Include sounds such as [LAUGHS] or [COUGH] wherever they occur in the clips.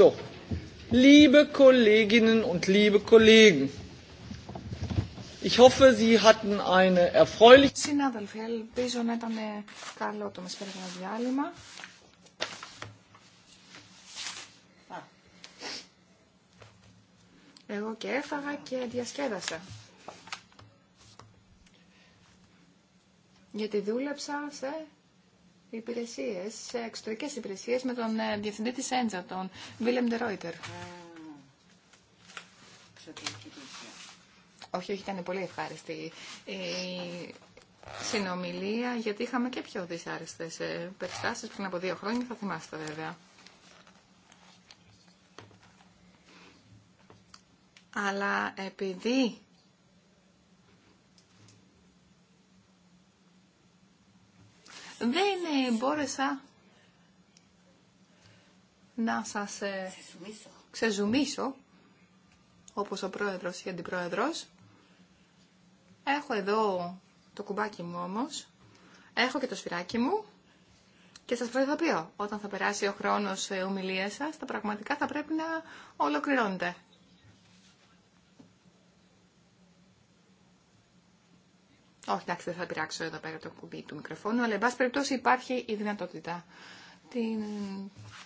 So, liebe Kolleginnen und liebe Kollegen, ich hoffe, Sie hatten eine erfreuliche. Συνάδελφοι, ελπίζω να ήταν καλό το μεσημερινό διάλειμμα. Εγώ και έφαγα και διασκέδασα. Γιατί δούλεψα σε υπηρεσίες, εξωτερικές υπηρεσίες με τον ε, διευθυντή της ΕΝΤΖΑ, τον Βίλεμ Ντερόιτερ. Όχι, όχι, ήταν πολύ ευχάριστη η συνομιλία, γιατί είχαμε και πιο δυσάρεστες ε, περιστάσεις πριν από δύο χρόνια, θα θυμάστε βέβαια. Αλλά επειδή δεν ε, μπόρεσα να σας ε, ξεζουμίσω, όπως ο πρόεδρος ή αντιπρόεδρος. Έχω εδώ το κουμπάκι μου όμως, έχω και το σφυράκι μου και σας προειδοποιώ, όταν θα περάσει ο χρόνος ε, ομιλίας σας, τα πραγματικά θα πρέπει να ολοκληρώνετε. Όχι, εντάξει, δεν θα πειράξω εδώ πέρα το κουμπί του μικροφόνου, αλλά εν πάση περιπτώσει υπάρχει η δυνατότητα. Την...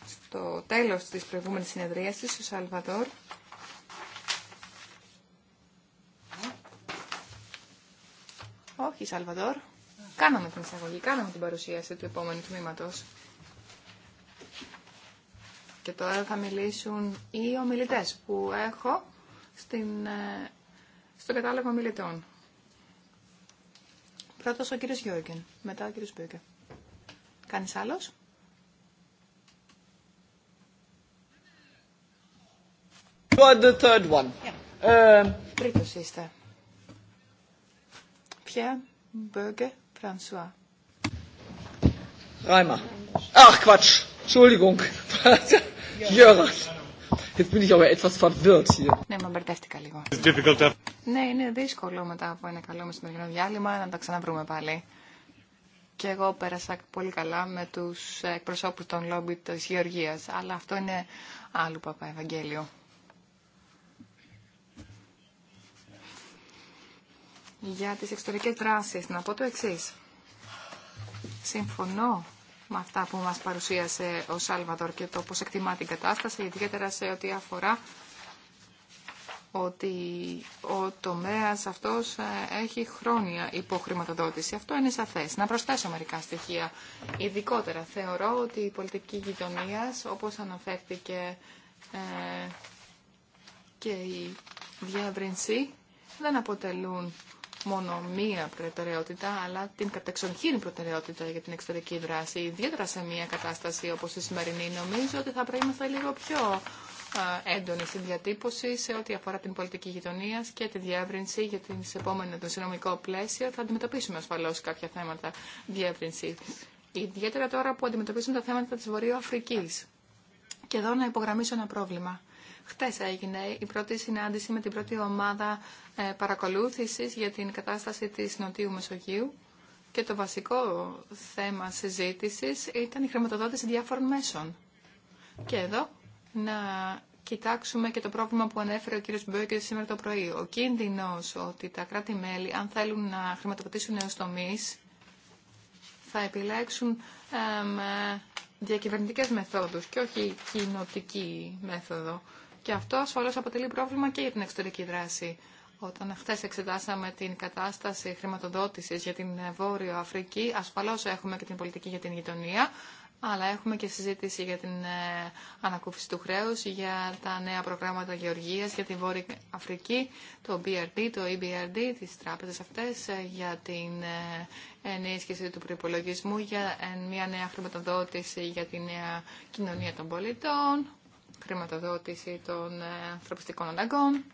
Στο τέλος της προηγούμενης συνεδρίασης, ο Σαλβαδόρ, Όχι, Σαλβαδόρ. Κάναμε την εισαγωγή, κάναμε την παρουσίαση του επόμενου τμηματο Και τώρα θα μιλήσουν οι ομιλητές που έχω στην, ε, στο κατάλογο ομιλητών. Πρώτος ο κύριος Γιώργεν, μετά ο κύριος Μπέγκε. Κάνεις άλλος? You the third one. Yeah. Um, Τρίτος είστε. Ποια, Μπέγκε, Φρανσουά. Ράιμα. Αχ, Quatsch. Entschuldigung. Γιώργος. [LAUGHS] Ναι, με μπερδεύτηκα λίγο. Ναι, είναι δύσκολο μετά από ένα καλό μεσημερινό διάλειμμα να τα ξαναβρούμε πάλι. Και εγώ πέρασα πολύ καλά με τους εκπροσώπους των λόμπι της Γεωργίας. Αλλά αυτό είναι άλλου παπά Ευαγγέλιο. Για τις εξωτερικές δράσεις, να πω το εξής. Συμφωνώ με αυτά που μας παρουσίασε ο Σάλβαδορ και το πώς εκτιμά την κατάσταση, ιδιαίτερα σε ό,τι αφορά ότι ο τομέας αυτός ε, έχει χρόνια υποχρηματοδότηση. Αυτό είναι σαφές. Να προσθέσω μερικά στοιχεία. Ειδικότερα θεωρώ ότι η πολιτική γειτονία, όπως αναφέρθηκε ε, και η Διεύρυνση, δεν αποτελούν μόνο μία προτεραιότητα, αλλά την κατεξοχήν προτεραιότητα για την εξωτερική δράση. Ιδιαίτερα σε μία κατάσταση όπως η σημερινή, νομίζω ότι θα πρέπει να είμαστε λίγο πιο ε, έντονη στην διατύπωση σε ό,τι αφορά την πολιτική γειτονία και τη διεύρυνση για την επόμενη το συνομικό πλαίσιο. Θα αντιμετωπίσουμε ασφαλώ κάποια θέματα διεύρυνση. Ιδιαίτερα τώρα που αντιμετωπίσουμε τα θέματα τη Βορείου Και εδώ να υπογραμμίσω ένα πρόβλημα. Χτες έγινε η πρώτη συνάντηση με την πρώτη ομάδα ε, παρακολούθησης για την κατάσταση της Νοτιού Μεσογείου και το βασικό θέμα συζήτησης ήταν η χρηματοδότηση διάφορων μέσων. Και εδώ να κοιτάξουμε και το πρόβλημα που ανέφερε ο κ. Μπέκερ σήμερα το πρωί. Ο κίνδυνος ότι τα κράτη-μέλη, αν θέλουν να χρηματοδοτήσουν νέους τομείς, θα επιλέξουν ε, διακυβερνητικές μεθόδους και όχι κοινοτική μέθοδο. Και αυτό ασφαλώ αποτελεί πρόβλημα και για την εξωτερική δράση. Όταν χθε εξετάσαμε την κατάσταση χρηματοδότηση για την Βόρειο Αφρική, ασφαλώ έχουμε και την πολιτική για την γειτονία, αλλά έχουμε και συζήτηση για την ε, ανακούφιση του χρέου, για τα νέα προγράμματα γεωργία, για την Βόρεια Αφρική, το BRD, το EBRD, τι τράπεζε αυτέ, ε, για την ε, ενίσχυση του προπολογισμού, για μια νέα χρηματοδότηση για την νέα κοινωνία των πολιτών χρηματοδότηση των ε, ανθρωπιστικών αναγκών,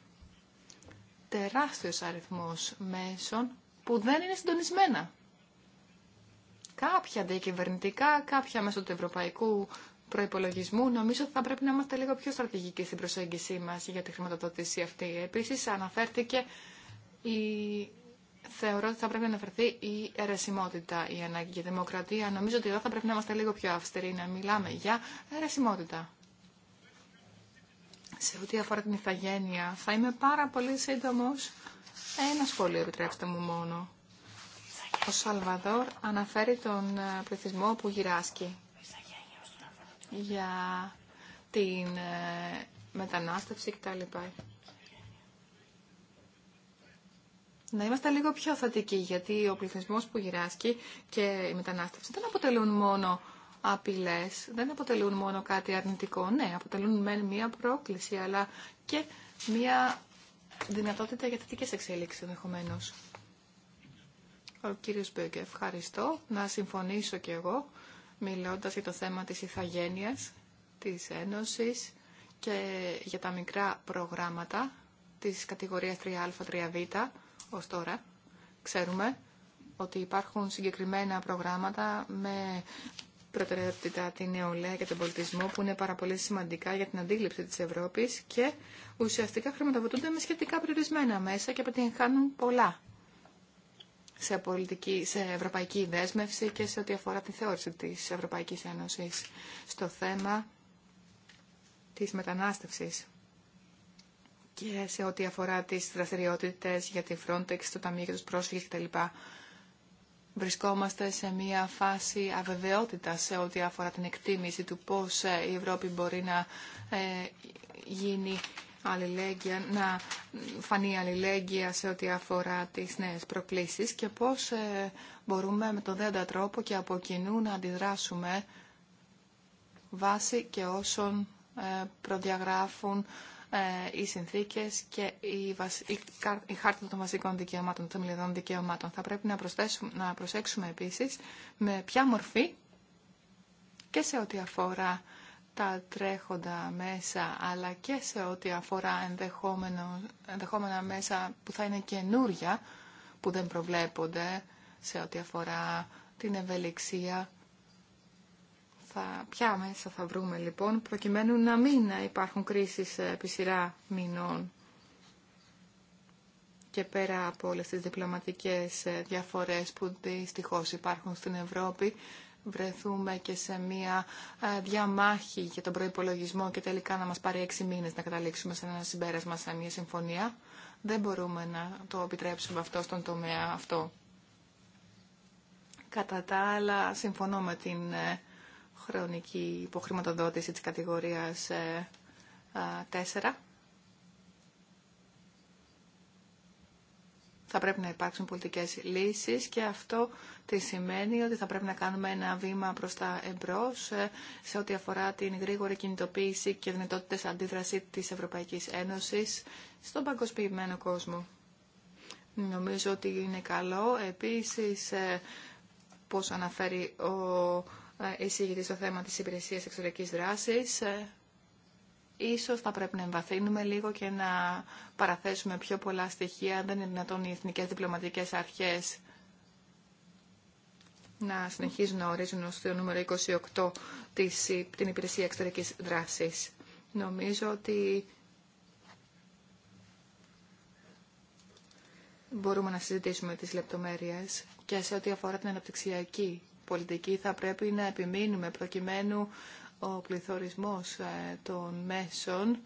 τεράστιος αριθμός μέσων που δεν είναι συντονισμένα. Κάποια διακυβερνητικά, κάποια μέσω του ευρωπαϊκού προϋπολογισμού, νομίζω ότι θα πρέπει να είμαστε λίγο πιο στρατηγικοί στην προσέγγιση μας για τη χρηματοδότηση αυτή. Επίσης αναφέρθηκε η... Θεωρώ ότι θα πρέπει να αναφερθεί η αιρεσιμότητα, η ανάγκη για δημοκρατία. Νομίζω ότι εδώ θα πρέπει να είμαστε λίγο πιο αυστηροί, να μιλάμε για αιρεσιμότητα σε ό,τι αφορά την ηθαγένεια. Θα είμαι πάρα πολύ σύντομο Ένα σχόλιο επιτρέψτε μου μόνο. Ο Σαλβαδόρ αναφέρει τον ε, πληθυσμό που γυράσκει για την ε, μετανάστευση κτλ. Να είμαστε λίγο πιο θετικοί, γιατί ο πληθυσμός που γυράσκει και η μετανάστευση δεν αποτελούν μόνο Απειλέ, δεν αποτελούν μόνο κάτι αρνητικό. Ναι, αποτελούν μεν μία πρόκληση, αλλά και μία δυνατότητα για θετικέ εξέλιξεις ενδεχομένω. Ο κύριο Μπέγκε, ευχαριστώ να συμφωνήσω κι εγώ μιλώντα για το θέμα της ηθαγένεια, της Ένωσης και για τα μικρά προγράμματα της κατηγορίας 3α, 3β ως τώρα. Ξέρουμε ότι υπάρχουν συγκεκριμένα προγράμματα με προτεραιότητα την νεολαία και τον πολιτισμό που είναι πάρα πολύ σημαντικά για την αντίληψη της Ευρώπης και ουσιαστικά χρηματοδοτούνται με σχετικά περιορισμένα μέσα και πετυχάνουν πολλά σε, πολιτική, σε ευρωπαϊκή δέσμευση και σε ό,τι αφορά τη θεώρηση της Ευρωπαϊκής Ένωσης στο θέμα της μετανάστευσης και σε ό,τι αφορά τις δραστηριότητες για τη Frontex, το Ταμείο για του Πρόσφυγες κτλ. Βρισκόμαστε σε μια φάση αβεβαιότητα σε ό,τι αφορά την εκτίμηση του πώς ε, η Ευρώπη μπορεί να ε, γίνει αλληλέγγυα, να φανεί αλληλέγγυα σε ό,τι αφορά τις νέες προκλήσεις και πώς ε, μπορούμε με τον δέντα τρόπο και από κοινού να αντιδράσουμε βάσει και όσων προδιαγράφουν ε, οι συνθήκε και η, χάρτη η... των βασικών δικαιωμάτων, των θεμελιωδών δικαιωμάτων. Θα πρέπει να, προσθέσουμε... να προσέξουμε επίσης με ποια μορφή και σε ό,τι αφορά τα τρέχοντα μέσα, αλλά και σε ό,τι αφορά ενδεχόμενα μέσα που θα είναι καινούρια, που δεν προβλέπονται σε ό,τι αφορά την ευελιξία θα, ποια μέσα θα βρούμε λοιπόν προκειμένου να μην υπάρχουν κρίσεις ε, επί σειρά μηνών και πέρα από όλες τις διπλωματικές ε, διαφορές που δυστυχώ υπάρχουν στην Ευρώπη βρεθούμε και σε μία ε, διαμάχη για τον προϋπολογισμό και τελικά να μας πάρει έξι μήνες να καταλήξουμε σε ένα συμπέρασμα, σε μία συμφωνία. Δεν μπορούμε να το επιτρέψουμε αυτό στον τομέα αυτό. Κατά τα άλλα, συμφωνώ με την χρονική υποχρηματοδότηση της κατηγορίας 4. Ε, θα πρέπει να υπάρξουν πολιτικές λύσεις και αυτό τι σημαίνει ότι θα πρέπει να κάνουμε ένα βήμα προς τα εμπρός ε, σε ό,τι αφορά την γρήγορη κινητοποίηση και δυνατότητε αντίδραση της Ευρωπαϊκής Ένωσης στον παγκοσμιοποιημένο κόσμο. Νομίζω ότι είναι καλό επίσης ε, πώς αναφέρει ο ε, εισηγητή στο θέμα της υπηρεσίας εξωτερικής δράσης. Ε, ίσως θα πρέπει να εμβαθύνουμε λίγο και να παραθέσουμε πιο πολλά στοιχεία. Δεν είναι δυνατόν οι εθνικές διπλωματικές αρχές να συνεχίζουν να ορίζουν ως το νούμερο 28 της, την υπηρεσία εξωτερικής δράσης. Νομίζω ότι μπορούμε να συζητήσουμε τις λεπτομέρειες και σε ό,τι αφορά την αναπτυξιακή πολιτική θα πρέπει να επιμείνουμε προκειμένου ο πληθωρισμός ε, των μέσων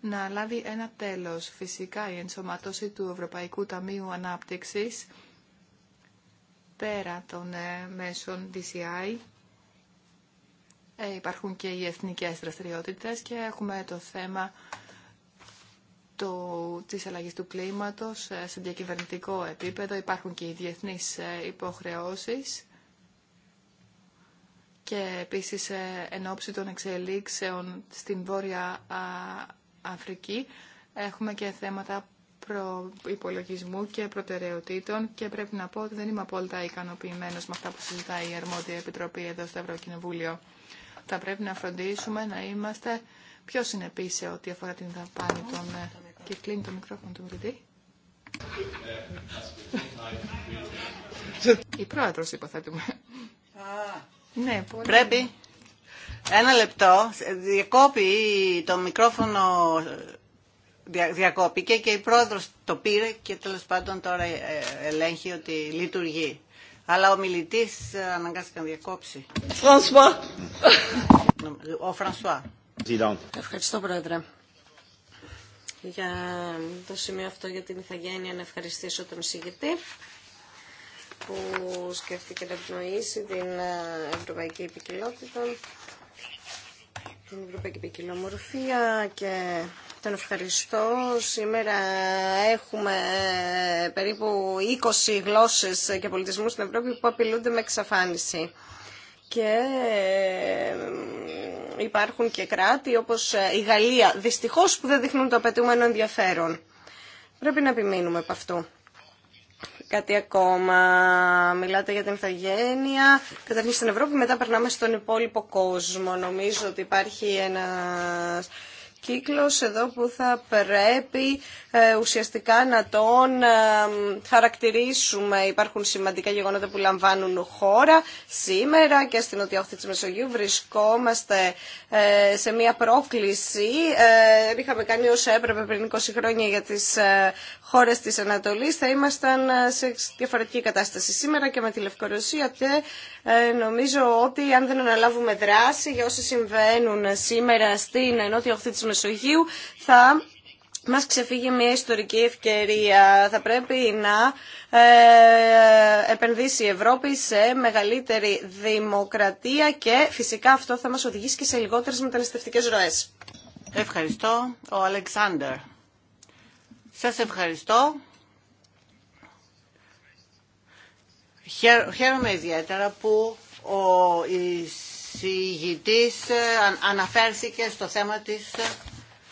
να λάβει ένα τέλος. Φυσικά η ενσωματώση του Ευρωπαϊκού Ταμείου Ανάπτυξης πέρα των ε, μέσων DCI ε, υπάρχουν και οι εθνικές δραστηριότητες και έχουμε το θέμα το, της αλλαγής του κλίματος σε διακυβερνητικό επίπεδο. Υπάρχουν και οι διεθνείς υποχρεώσεις και επίσης ε, εν ώψη των εξελίξεων στην Βόρεια Αφρική έχουμε και θέματα υπολογισμού και προτεραιοτήτων και πρέπει να πω ότι δεν είμαι απόλυτα ικανοποιημένος με αυτά που συζητάει η Αρμόδια Επιτροπή εδώ στο Ευρωκοινοβούλιο. Θα πρέπει να φροντίσουμε να είμαστε πιο συνεπείς σε ό,τι αφορά την δαπάνη των... Ε, και κλείνει το μικρόφωνο του μιλητή. Η πρόεδρος υποθέτουμε. Ναι, Πρέπει. Ένα λεπτό. Διακόπη το μικρόφωνο διακόπηκε και η πρόεδρος το πήρε και τέλος πάντων τώρα ε, ελέγχει ότι λειτουργεί. Αλλά ο μιλητής ε, αναγκάστηκε να διακόψει. Φρανσουά. Ο Φρανσουά. Ευχαριστώ πρόεδρε. Για το σημείο αυτό για την ηθαγένεια να ευχαριστήσω τον συγκεκριτή που σκέφτηκε να ευνοήσει την ε, ευρωπαϊκή επικοινότητα, την ευρωπαϊκή Επικοινόμορφια και τον ευχαριστώ. Σήμερα έχουμε ε, περίπου 20 γλώσσες και πολιτισμούς στην Ευρώπη που απειλούνται με εξαφάνιση. Και ε, υπάρχουν και κράτη όπως η Γαλλία, δυστυχώς που δεν δείχνουν το απαιτούμενο ενδιαφέρον. Πρέπει να επιμείνουμε από αυτού. Κάτι ακόμα. Μιλάτε για την ηθαγένεια. Καταρχήν στην Ευρώπη, μετά περνάμε στον υπόλοιπο κόσμο. Νομίζω ότι υπάρχει ένα κύκλος εδώ που θα πρέπει ε, ουσιαστικά να τον ε, χαρακτηρίσουμε. Υπάρχουν σημαντικά γεγονότα που λαμβάνουν χώρα. Σήμερα και στην οτιόχθη της Μεσογείου βρισκόμαστε ε, σε μια πρόκληση. είχαμε κάνει όσο έπρεπε πριν 20 χρόνια για τις χώρες της Ανατολής θα ήμασταν ε, σε διαφορετική κατάσταση σήμερα και με τη Λευκορωσία και ε, νομίζω ότι αν δεν αναλάβουμε δράση για όσοι συμβαίνουν σήμερα στην Ενότια οχθή της Μεσογείου θα μας ξεφύγει μια ιστορική ευκαιρία. Θα πρέπει να ε, επενδύσει η Ευρώπη σε μεγαλύτερη δημοκρατία και φυσικά αυτό θα μας οδηγήσει και σε λιγότερες μεταναστευτικές ροές. Ευχαριστώ. Ο Αλεξάνδρ. Σας ευχαριστώ. Χαίρομαι ιδιαίτερα που ο εισηγητής ε, αναφέρθηκε στο θέμα της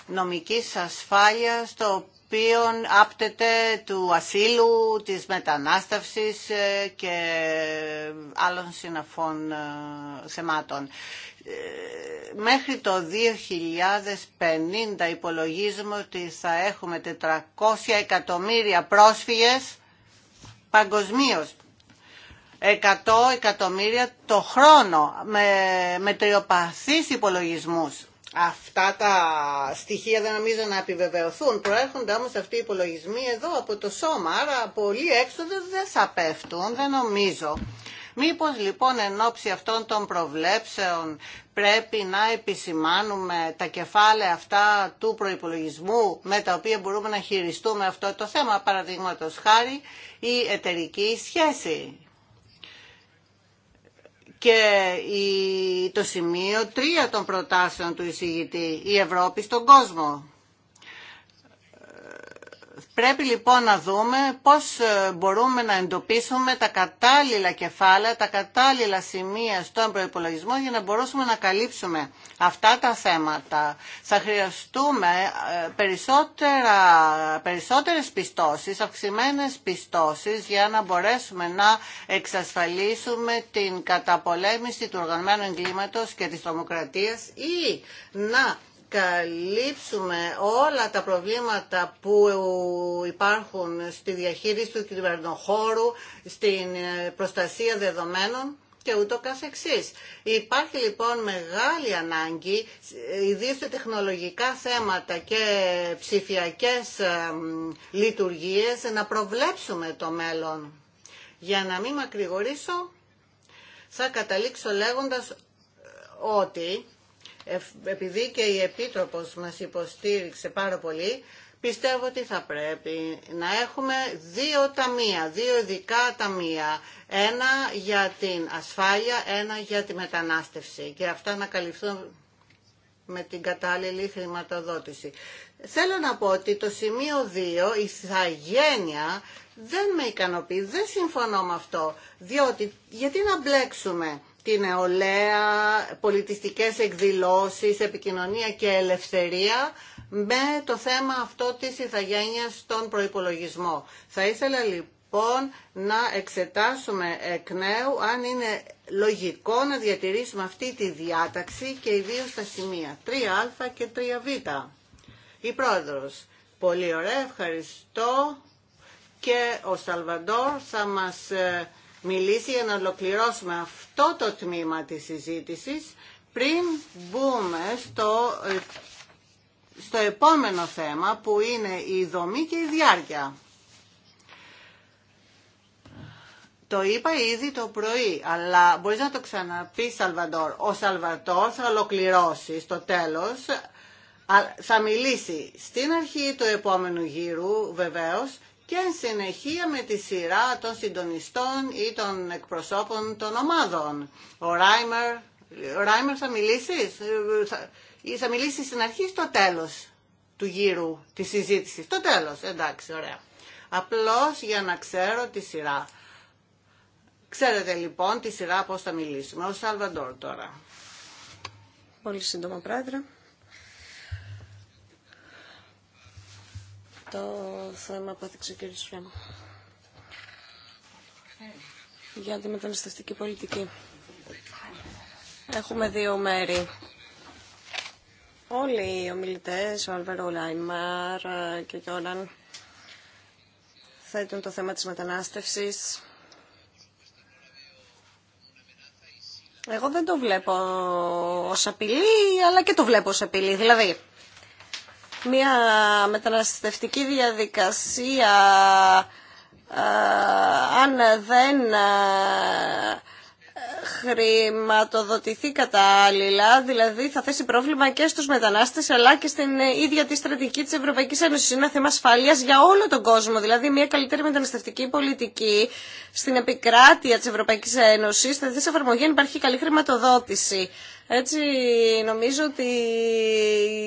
νομικής ασφάλειας, το οποίων άπτεται του ασύλου, της μετανάστευσης ε, και άλλων συναφών ε, θεμάτων. Ε, μέχρι το 2050 υπολογίζουμε ότι θα έχουμε 400 εκατομμύρια πρόσφυγες παγκοσμίως. 100 εκατομμύρια το χρόνο με, με υπολογισμούς Αυτά τα στοιχεία δεν νομίζω να επιβεβαιωθούν. Προέρχονται όμως αυτοί οι υπολογισμοί εδώ από το σώμα, άρα πολλοί έξοδες δεν θα πέφτουν, δεν νομίζω. Μήπως λοιπόν εν ώψη αυτών των προβλέψεων πρέπει να επισημάνουμε τα κεφάλαια αυτά του προϋπολογισμού με τα οποία μπορούμε να χειριστούμε αυτό το θέμα, παραδείγματος χάρη η εταιρική σχέση και το σημείο τρία των προτάσεων του εισηγητή, η Ευρώπη στον κόσμο. Πρέπει λοιπόν να δούμε πώς ε, μπορούμε να εντοπίσουμε τα κατάλληλα κεφάλαια, τα κατάλληλα σημεία στον προϋπολογισμό για να μπορούμε να καλύψουμε αυτά τα θέματα. Θα χρειαστούμε ε, περισσότερα, περισσότερες πιστώσεις, αυξημένες πιστώσεις για να μπορέσουμε να εξασφαλίσουμε την καταπολέμηση του οργανωμένου εγκλήματος και της τρομοκρατίας ή να καλύψουμε όλα τα προβλήματα που υπάρχουν στη διαχείριση του κυβερνοχώρου, στην ε, προστασία δεδομένων και ούτω καθεξής. Υπάρχει λοιπόν μεγάλη ανάγκη, ε, ιδίως σε τεχνολογικά θέματα και ψηφιακές ε, λειτουργίες, να προβλέψουμε το μέλλον. Για να μην μακρηγορήσω, θα καταλήξω λέγοντας ότι επειδή και η Επίτροπος μας υποστήριξε πάρα πολύ, πιστεύω ότι θα πρέπει να έχουμε δύο ταμεία, δύο ειδικά ταμεία. Ένα για την ασφάλεια, ένα για τη μετανάστευση και αυτά να καλυφθούν με την κατάλληλη χρηματοδότηση. Θέλω να πω ότι το σημείο 2, η θαγένεια, δεν με ικανοποιεί, δεν συμφωνώ με αυτό, διότι γιατί να μπλέξουμε τη νεολαία, πολιτιστικές εκδηλώσεις, επικοινωνία και ελευθερία με το θέμα αυτό της ηθαγένειας στον προϋπολογισμό. Θα ήθελα λοιπόν να εξετάσουμε εκ νέου αν είναι λογικό να διατηρήσουμε αυτή τη διάταξη και ιδίω τα σημεία 3α και 3β. Η πρόεδρος. Πολύ ωραία, ευχαριστώ και ο Σαλβαντόρ θα μας ε, μιλήσει για να ολοκληρώσουμε αυτό το τμήμα της συζήτησης πριν μπούμε στο, ε, στο επόμενο θέμα που είναι η δομή και η διάρκεια. Το είπα ήδη το πρωί, αλλά μπορείς να το ξαναπείς, Σαλβαντόρ. Ο Σαλβαντόρ θα ολοκληρώσει στο τέλος, θα μιλήσει στην αρχή του επόμενου γύρου βεβαίως και εν συνεχεία με τη σειρά των συντονιστών ή των εκπροσώπων των ομάδων. Ο Ράιμερ, Ράιμερ θα μιλήσει ε, θα, θα μιλήσεις στην αρχή στο τέλος του γύρου της συζήτησης. Το τέλος, εντάξει, ωραία. Απλώς για να ξέρω τη σειρά. Ξέρετε λοιπόν τη σειρά πώς θα μιλήσουμε. Ο Σαλβαντόρ τώρα. Πολύ σύντομα, Πρόεδρε. το θέμα που έδειξε ο κ. για τη μεταναστευτική πολιτική. Έχουμε δύο μέρη. Όλοι οι ομιλητές, ο Αλβέρο Λάιμαρ και ο Γιώναν, θέτουν το θέμα της μετανάστευσης. Εγώ δεν το βλέπω ως απειλή, αλλά και το βλέπω ως απειλή. Δηλαδή, μια μεταναστευτική διαδικασία ε, αν δεν ε, χρηματοδοτηθεί κατάλληλα, δηλαδή θα θέσει πρόβλημα και στους μετανάστες αλλά και στην ίδια τη στρατηγική της Ευρωπαϊκής Ένωσης. Είναι θέμα ασφαλείας για όλο τον κόσμο, δηλαδή μια καλύτερη μεταναστευτική πολιτική στην επικράτεια της Ευρωπαϊκής Ένωσης, θα θέσει εφαρμογή αν υπάρχει καλή χρηματοδότηση. Έτσι νομίζω ότι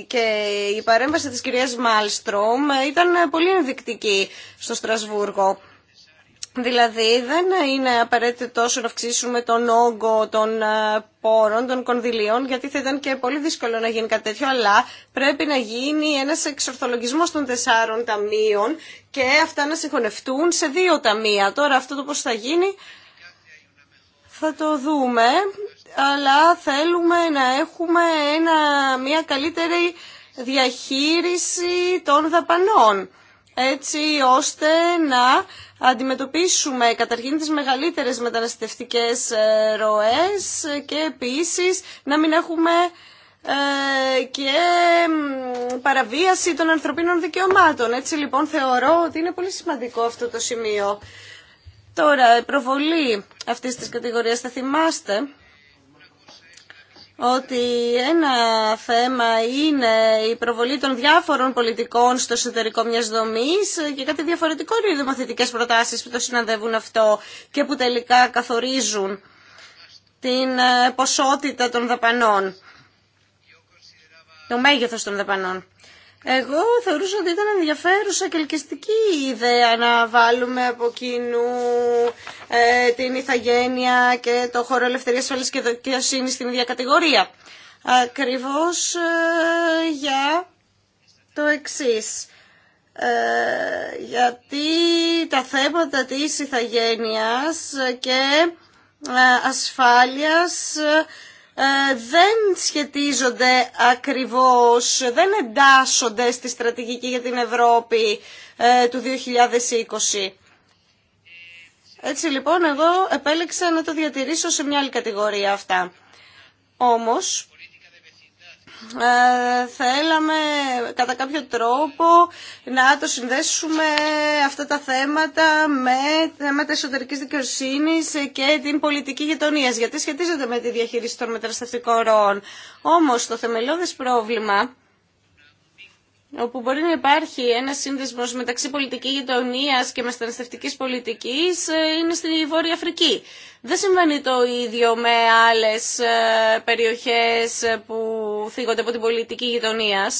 και η παρέμβαση της κυρίας Μάλστρομ ήταν πολύ ενδεικτική στο Στρασβούργο. Δηλαδή δεν είναι απαραίτητο να αυξήσουμε τον όγκο των ε, πόρων, των κονδυλίων, γιατί θα ήταν και πολύ δύσκολο να γίνει κάτι τέτοιο, αλλά πρέπει να γίνει ένας εξορθολογισμός των τεσσάρων ταμείων και αυτά να συγχωνευτούν σε δύο ταμεία. Τώρα αυτό το πώς θα γίνει θα το δούμε, αλλά θέλουμε να έχουμε ένα, μια καλύτερη διαχείριση των δαπανών, έτσι ώστε να αντιμετωπίσουμε καταρχήν τις μεγαλύτερες μεταναστευτικές ε, ροές και επίσης να μην έχουμε ε, και παραβίαση των ανθρωπίνων δικαιωμάτων. Έτσι λοιπόν θεωρώ ότι είναι πολύ σημαντικό αυτό το σημείο. Τώρα, η προβολή αυτής της κατηγορίας θα θυμάστε ότι ένα θέμα είναι η προβολή των διάφορων πολιτικών στο εσωτερικό μιας δομής και κάτι διαφορετικό είναι οι δημοθετικές προτάσεις που το συναντεύουν αυτό και που τελικά καθορίζουν την ε, ποσότητα των δαπανών, το μέγεθος των δαπανών. Εγώ θεωρούσα ότι ήταν ενδιαφέρουσα και ελκυστική η ιδέα να βάλουμε από κοινού ε, την ηθαγένεια και το χώρο ελευθερίας ασφάλειας και δικαιοσύνη στην ίδια κατηγορία. Ακριβώς ε, για το εξής. Ε, γιατί τα θέματα της ηθαγένειας και ασφάλειας δεν σχετίζονται ακριβώς, δεν εντάσσονται στη στρατηγική για την Ευρώπη του 2020. Έτσι λοιπόν εγώ επέλεξα να το διατηρήσω σε μια άλλη κατηγορία αυτά. Όμως ε, θέλαμε κατά κάποιο τρόπο να το συνδέσουμε αυτά τα θέματα με θέματα εσωτερικής δικαιοσύνης και την πολιτική γειτονία, γιατί σχετίζονται με τη διαχείριση των μεταναστευτικών ροών. Όμως το θεμελιώδες πρόβλημα όπου μπορεί να υπάρχει ένα σύνδεσμος μεταξύ πολιτική γειτονία και μεταναστευτική πολιτικής ε, είναι στη Βόρεια Αφρική. Δεν συμβαίνει το ίδιο με άλλες ε, περιοχές ε, που θίγονται από την πολιτική γειτονία.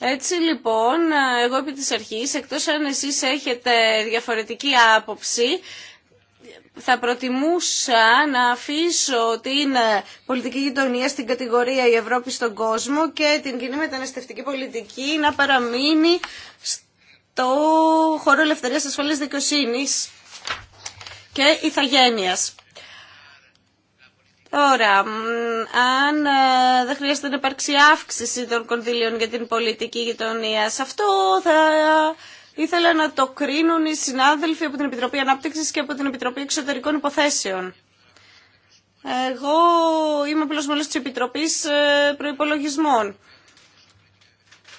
Έτσι λοιπόν, εγώ επί της αρχής, εκτός αν εσείς έχετε διαφορετική άποψη, θα προτιμούσα να αφήσω την ε, πολιτική γειτονία στην κατηγορία η Ευρώπη στον κόσμο και την κοινή μεταναστευτική πολιτική να παραμείνει στο χώρο ελευθερίας ασφαλής δικαιοσύνη και ηθαγένειας. Τώρα, αν ε, δεν χρειάζεται να υπάρξει αύξηση των κονδύλιων για την πολιτική γειτονία, αυτό θα ήθελα να το κρίνουν οι συνάδελφοι από την Επιτροπή Ανάπτυξης και από την Επιτροπή Εξωτερικών Υποθέσεων. Εγώ είμαι απλώς μέλος της Επιτροπής ε, Προϋπολογισμών.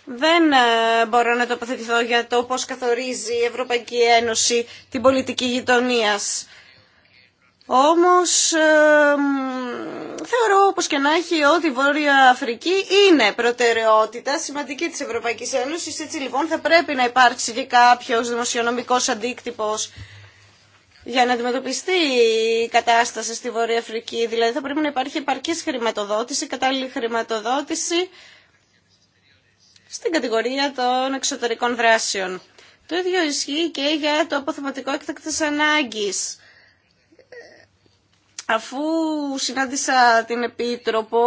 Δεν ε, μπορώ να τοποθετηθώ για το πώς καθορίζει η Ευρωπαϊκή Ένωση την πολιτική γειτονίας. Όμως θεωρώ όπως και να έχει ότι η Βόρεια Αφρική είναι προτεραιότητα σημαντική της Ευρωπαϊκής Ένωσης. Έτσι λοιπόν θα πρέπει να υπάρξει και κάποιος δημοσιονομικός αντίκτυπος για να αντιμετωπιστεί η κατάσταση στη Βόρεια Αφρική. Δηλαδή θα πρέπει να υπάρχει επαρκής χρηματοδότηση, κατάλληλη χρηματοδότηση στην κατηγορία των εξωτερικών δράσεων. Το ίδιο ισχύει και για το αποθεματικό έκτακτης ανάγκης αφού συνάντησα την Επίτροπο,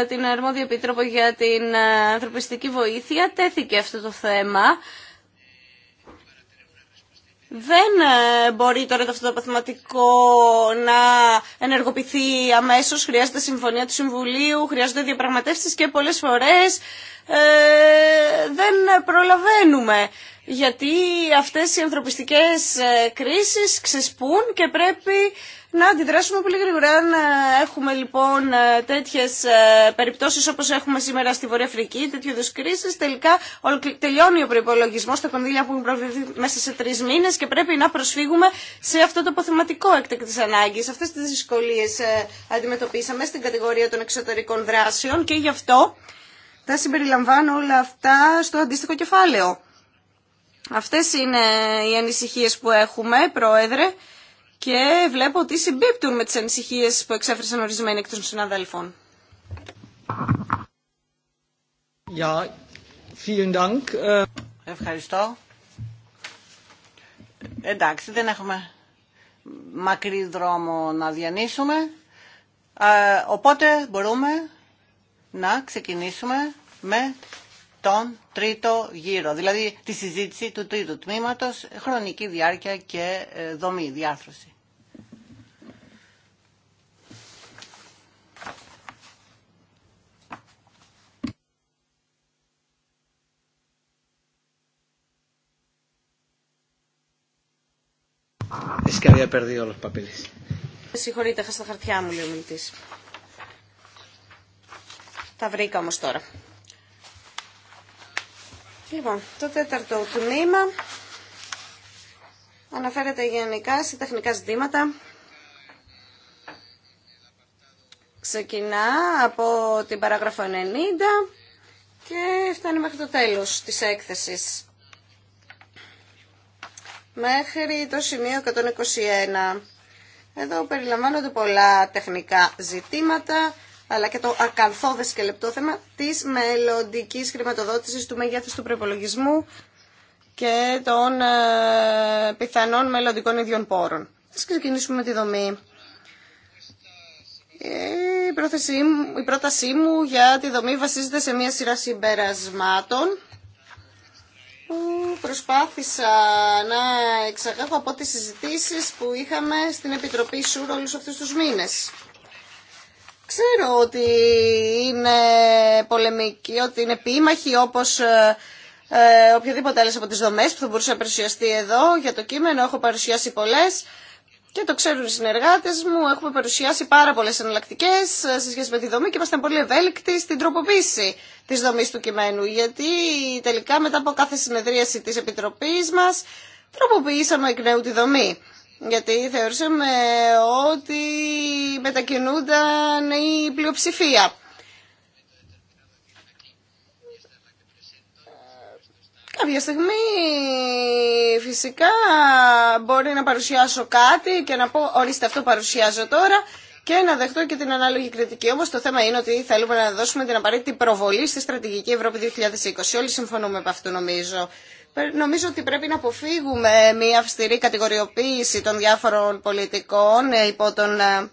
ε, την Αρμόδια Επίτροπο για την ε, Ανθρωπιστική Βοήθεια, τέθηκε αυτό το θέμα. Δεν ε, μπορεί τώρα το παθηματικό να ενεργοποιηθεί αμέσως, χρειάζεται συμφωνία του Συμβουλίου, χρειάζονται διαπραγματεύσεις και πολλές φορές δεν προλαβαίνουμε γιατί αυτές οι ανθρωπιστικές κρίσεις ξεσπούν και πρέπει να αντιδράσουμε πολύ γρήγορα. Αν ε, έχουμε λοιπόν ε, τέτοιε περιπτώσει όπω έχουμε σήμερα στη Βορεια Αφρική, τέτοιου είδου κρίσει, τελικά τελειώνει ο προπολογισμό, τα κονδύλια που έχουν προβληθεί μέσα σε τρει μήνε και πρέπει να προσφύγουμε σε αυτό το αποθεματικό έκτακτη ανάγκη. Αυτέ τι δυσκολίε ε, αντιμετωπίσαμε στην κατηγορία των εξωτερικών δράσεων και γι' αυτό θα συμπεριλαμβάνω όλα αυτά στο αντίστοιχο κεφάλαιο. Αυτές είναι οι ανησυχίες που έχουμε, Πρόεδρε και βλέπω ότι συμπίπτουν με τις ανησυχίες που εξέφερσαν ορισμένοι εκ των συναδέλφων. vielen Dank. Ε, Ευχαριστώ. Εντάξει, δεν έχουμε μακρύ δρόμο να διανύσουμε, ε, οπότε μπορούμε να ξεκινήσουμε με τον τρίτο γύρο, δηλαδή τη συζήτηση του τρίτου τμήματος, χρονική διάρκεια και ε, δομή, διάθρωση. διάρθρωση. Συγχωρείτε, είχα στα χαρτιά μου, λέει ο μιλητής. Τα βρήκα όμως τώρα. Λοιπόν, το τέταρτο τμήμα αναφέρεται γενικά σε τεχνικά ζητήματα. Ξεκινά από την παράγραφο 90 και φτάνει μέχρι το τέλος της έκθεσης. Μέχρι το σημείο 121. Εδώ περιλαμβάνονται πολλά τεχνικά ζητήματα αλλά και το ακαθόδε και λεπτό θέμα της μελλοντική χρηματοδότηση του μέγεθου του προπολογισμού και των ε, πιθανών μελλοντικών ιδιών πόρων. Ας ξεκινήσουμε με τη δομή. Η, πρότασή μου για τη δομή βασίζεται σε μια σειρά συμπερασμάτων που προσπάθησα να εξαγάγω από τις συζητήσεις που είχαμε στην Επιτροπή Σούρου όλους αυτούς τους μήνες. Ξέρω ότι είναι πολεμική, ότι είναι επίμαχη όπως ε, ε οποιαδήποτε άλλες από τις δομές που θα μπορούσε να παρουσιαστεί εδώ για το κείμενο. Έχω παρουσιάσει πολλές και το ξέρουν οι συνεργάτες μου. Έχουμε παρουσιάσει πάρα πολλές εναλλακτικέ ε, σε σχέση με τη δομή και είμαστε πολύ ευέλικτοι στην τροποποίηση της δομής του κειμένου. Γιατί τελικά μετά από κάθε συνεδρίαση της Επιτροπής μας τροποποιήσαμε εκ νέου τη δομή γιατί θεωρούσαμε ότι μετακινούνταν η πλειοψηφία. Κάποια στιγμή φυσικά μπορεί να παρουσιάσω κάτι και να πω ορίστε αυτό παρουσιάζω τώρα και να δεχτώ και την ανάλογη κριτική. Όμως το θέμα είναι ότι θέλουμε να δώσουμε την απαραίτητη προβολή στη στρατηγική Ευρώπη 2020. Όλοι συμφωνούμε από αυτό νομίζω. Νομίζω ότι πρέπει να αποφύγουμε μια αυστηρή κατηγοριοποίηση των διάφορων πολιτικών ε, υπό τον ε,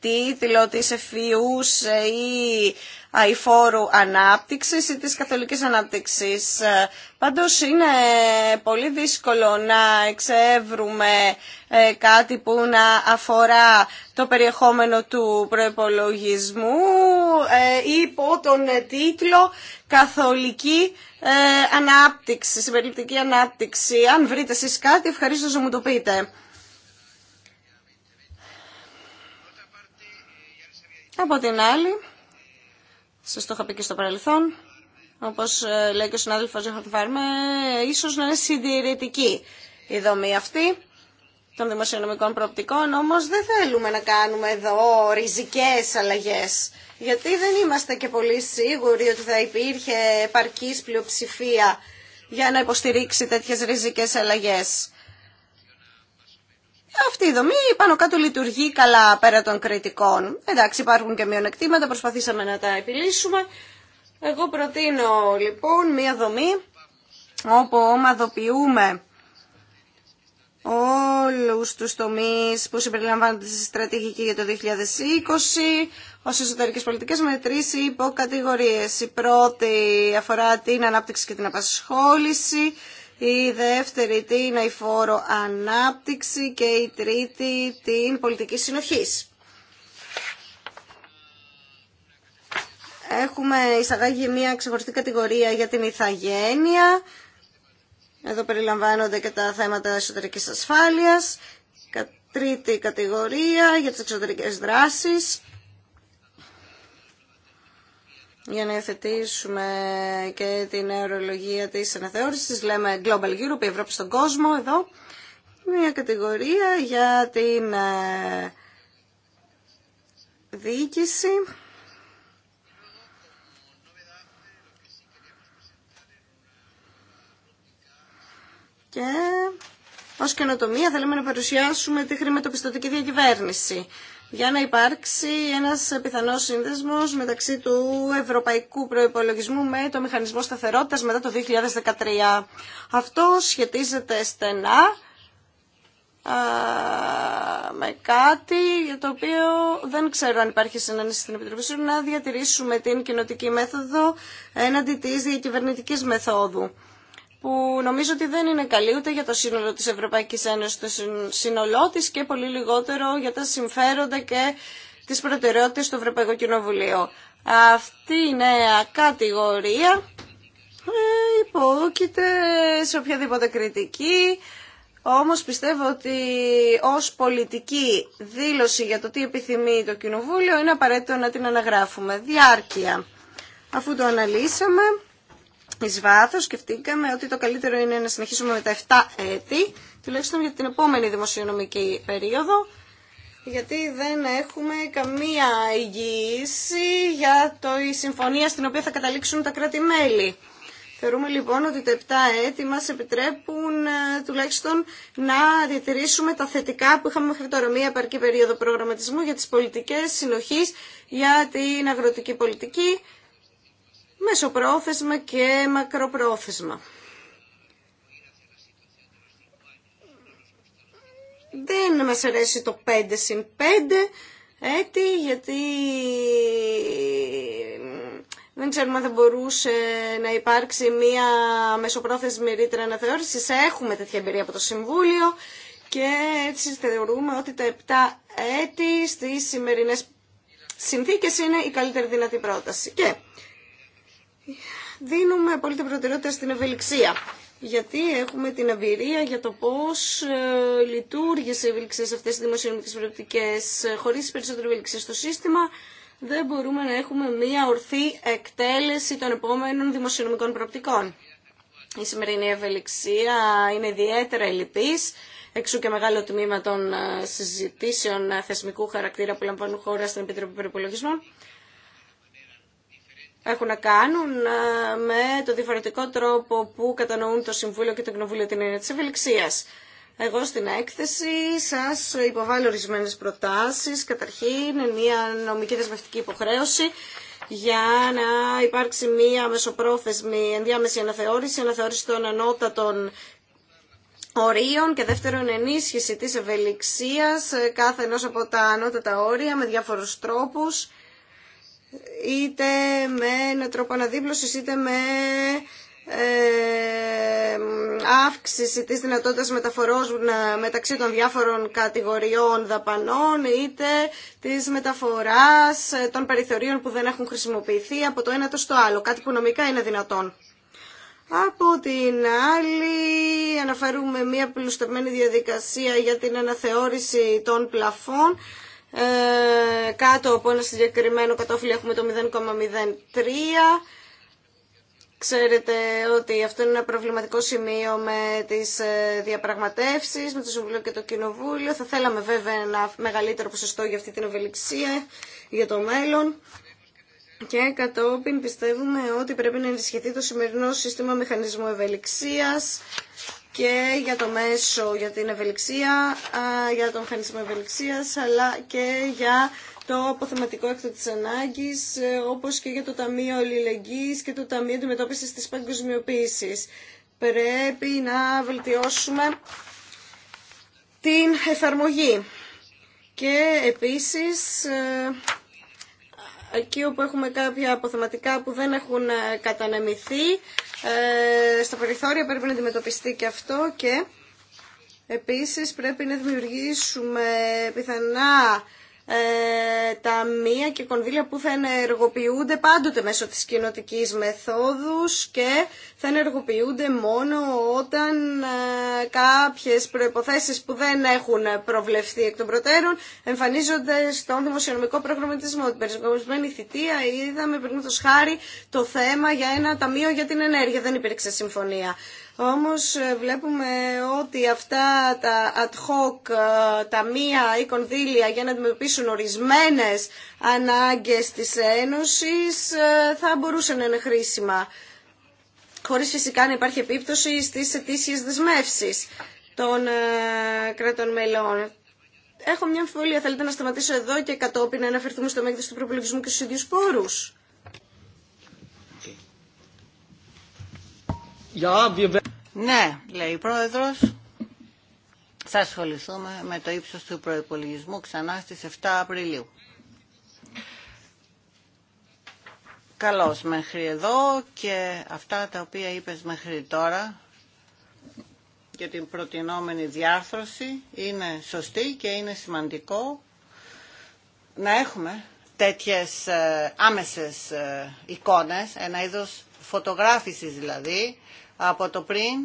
τίτλο της εφιούς ε, ή φόρου ανάπτυξης ή της καθολικής ανάπτυξης. Ε, πάντως είναι πολύ δύσκολο να εξεύρουμε ε, κάτι που να αφορά το περιεχόμενο του προϋπολογισμού ή ε, υπό τον τίτλο «Καθολική ανάπτυξη, συμπεριληπτική ανάπτυξη». Αν βρείτε εσείς κάτι, ευχαρίστως να μου το πείτε. Από την άλλη... Σα το είχα πει και στο παρελθόν. Όπω ε, λέει και ο συνάδελφο Ζεχαρτ Βάρμε, ίσω να είναι συντηρητική η δομή αυτή των δημοσιονομικών προοπτικών, όμως δεν θέλουμε να κάνουμε εδώ ριζικές αλλαγές. Γιατί δεν είμαστε και πολύ σίγουροι ότι θα υπήρχε επαρκής πλειοψηφία για να υποστηρίξει τέτοιες ριζικές αλλαγές. Αυτή η δομή πάνω κάτω λειτουργεί καλά πέρα των κριτικών. Εντάξει, υπάρχουν και μειονεκτήματα, προσπαθήσαμε να τα επιλύσουμε. Εγώ προτείνω λοιπόν μία δομή όπου ομαδοποιούμε όλους τους τομείς που συμπεριλαμβάνονται στη στρατηγική για το 2020 ως εσωτερικές πολιτικές με τρει υποκατηγορίες. Η πρώτη αφορά την ανάπτυξη και την απασχόληση, η δεύτερη την αηφόρο ανάπτυξη και η τρίτη την πολιτική συνοχής. Έχουμε εισαγάγει μια ξεχωριστή κατηγορία για την ηθαγένεια. Εδώ περιλαμβάνονται και τα θέματα εσωτερικής ασφάλειας. Τρίτη κατηγορία για τις εξωτερικές δράσεις για να εθετήσουμε και την αερολογία της αναθεώρησης. Λέμε Global Europe, η Ευρώπη στον κόσμο εδώ. Μια κατηγορία για την ε, διοίκηση. Και ως καινοτομία θέλουμε να παρουσιάσουμε τη χρηματοπιστωτική διακυβέρνηση για να υπάρξει ένας πιθανός σύνδεσμος μεταξύ του ευρωπαϊκού προϋπολογισμού με το μηχανισμό σταθερότητας μετά το 2013. Αυτό σχετίζεται στενά με κάτι για το οποίο δεν ξέρω αν υπάρχει συνένεση στην Επιτροπή να διατηρήσουμε την κοινοτική μέθοδο έναντι της διακυβερνητικής μεθόδου που νομίζω ότι δεν είναι καλή ούτε για το σύνολο της Ευρωπαϊκής Ένωσης, το σύνολό τη και πολύ λιγότερο για τα συμφέροντα και τις προτεραιότητες του Ευρωπαϊκού Κοινοβουλίου. Αυτή η νέα κατηγορία ε, υπόκειται σε οποιαδήποτε κριτική, όμως πιστεύω ότι ως πολιτική δήλωση για το τι επιθυμεί το Κοινοβούλιο είναι απαραίτητο να την αναγράφουμε. Διάρκεια. Αφού το αναλύσαμε, εις βάθος σκεφτήκαμε ότι το καλύτερο είναι να συνεχίσουμε με τα 7 έτη, τουλάχιστον για την επόμενη δημοσιονομική περίοδο, γιατί δεν έχουμε καμία εγγυήση για το, η συμφωνία στην οποία θα καταλήξουν τα κράτη-μέλη. Θεωρούμε λοιπόν ότι τα 7 έτη μας επιτρέπουν ε, τουλάχιστον να διατηρήσουμε τα θετικά που είχαμε μέχρι τώρα μία επαρκή περίοδο προγραμματισμού για τις πολιτικές συνοχής, για την αγροτική πολιτική, μεσοπρόθεσμα και μακροπρόθεσμα. Δεν μας αρέσει το 5 συν 5 έτη ε, γιατί δεν ξέρουμε αν θα μπορούσε να υπάρξει μία μεσοπρόθεσμη ρήτρα αναθεώρηση. Έχουμε τέτοια εμπειρία από το Συμβούλιο και έτσι θεωρούμε ότι τα 7 έτη στις σημερινές συνθήκες είναι η καλύτερη δυνατή πρόταση. Και δίνουμε απόλυτη προτεραιότητα στην ευελιξία. Γιατί έχουμε την εμπειρία για το πώς ε, λειτουργήσε η ευελιξία σε αυτές τις δημοσιονομικές προοπτικέ. Χωρίς περισσότερη ευελιξία στο σύστημα δεν μπορούμε να έχουμε μία ορθή εκτέλεση των επόμενων δημοσιονομικών προοπτικών. Η σημερινή ευελιξία είναι ιδιαίτερα ελληπή. εξού και μεγάλο τμήμα των ε, συζητήσεων ε, θεσμικού χαρακτήρα που λαμβάνουν χώρα στην Επιτροπή Περιπολογισμών έχουν να κάνουν ε, με το διαφορετικό τρόπο που κατανοούν το Συμβούλιο και το Κοινοβούλιο την έννοια της ευελιξίας. Εγώ στην έκθεση σας υποβάλλω ορισμένε προτάσεις. Καταρχήν, μια νομική δεσμευτική υποχρέωση για να υπάρξει μια μεσοπρόθεσμη ενδιάμεση αναθεώρηση, αναθεώρηση των ανώτατων ορίων και δεύτερον ενίσχυση της ευελιξίας ε, κάθε ενός από τα ανώτατα όρια με διάφορους τρόπους είτε με ένα τρόπο αναδίπλωσης είτε με ε, αύξηση της δυνατότητας μεταφορών μεταξύ των διάφορων κατηγοριών δαπανών είτε της μεταφοράς ε, των περιθωρίων που δεν έχουν χρησιμοποιηθεί από το ένα το στο άλλο, κάτι που νομικά είναι δυνατόν. Από την άλλη αναφέρουμε μια πλουστευμένη διαδικασία για την αναθεώρηση των πλαφών ε, κάτω από ένα συγκεκριμένο κατόφυλλο έχουμε το 0,03. Ξέρετε ότι αυτό είναι ένα προβληματικό σημείο με τις ε, διαπραγματεύσεις, με το Συμβουλίο και το Κοινοβούλιο. Θα θέλαμε βέβαια ένα μεγαλύτερο ποσοστό για αυτή την ευελιξία για το μέλλον. Και κατόπιν πιστεύουμε ότι πρέπει να ενισχυθεί το σημερινό σύστημα μηχανισμού ευελιξίας και για το μέσο για την ευελιξία, για τον χανισμό ευελιξίας, αλλά και για το αποθεματικό έκτο της ανάγκης, ε, όπως και για το Ταμείο Ολληλεγγύης και το Ταμείο Αντιμετώπισης της Παγκοσμιοποίησης. Πρέπει να βελτιώσουμε την εφαρμογή. Και επίσης ε, εκεί όπου έχουμε κάποια αποθεματικά που δεν έχουν ε, κατανεμηθεί ε, στα περιθώρια πρέπει να αντιμετωπιστεί και αυτό και επίσης πρέπει να δημιουργήσουμε πιθανά ε, μία και κονδύλια που θα ενεργοποιούνται πάντοτε μέσω της κοινοτική μεθόδους και θα ενεργοποιούνται μόνο όταν ε, κάποιες προϋποθέσεις που δεν έχουν προβλεφθεί εκ των προτέρων εμφανίζονται στον δημοσιονομικό προγραμματισμό. Την περισπασμένη θητεία είδαμε πριν το σχάρι το θέμα για ένα ταμείο για την ενέργεια. Δεν υπήρξε συμφωνία. Όμως ε, βλέπουμε ότι αυτά τα ad hoc ε, ταμεία ή κονδύλια για να αντιμετωπίσουν ορισμένες ανάγκες της Ένωσης ε, θα μπορούσαν να είναι χρήσιμα. Χωρίς φυσικά να υπάρχει επίπτωση στις αιτήσιες δεσμεύσεις των κρατών μελών. Έχω μια αμφιβολία. Θέλετε να σταματήσω εδώ και κατόπιν να αναφερθούμε στο μέγεθο του προπολογισμού και στου ίδιου πόρου. Ναι, λέει η Πρόεδρος. Θα ασχοληθούμε με το ύψος του προϋπολογισμού ξανά στις 7 Απριλίου. Καλώς μέχρι εδώ και αυτά τα οποία είπες μέχρι τώρα για την προτινόμενη διάρθρωση είναι σωστή και είναι σημαντικό να έχουμε τέτοιες ε, άμεσες ε, εικόνες, ένα είδος Φωτογράφηση δηλαδή από το πριν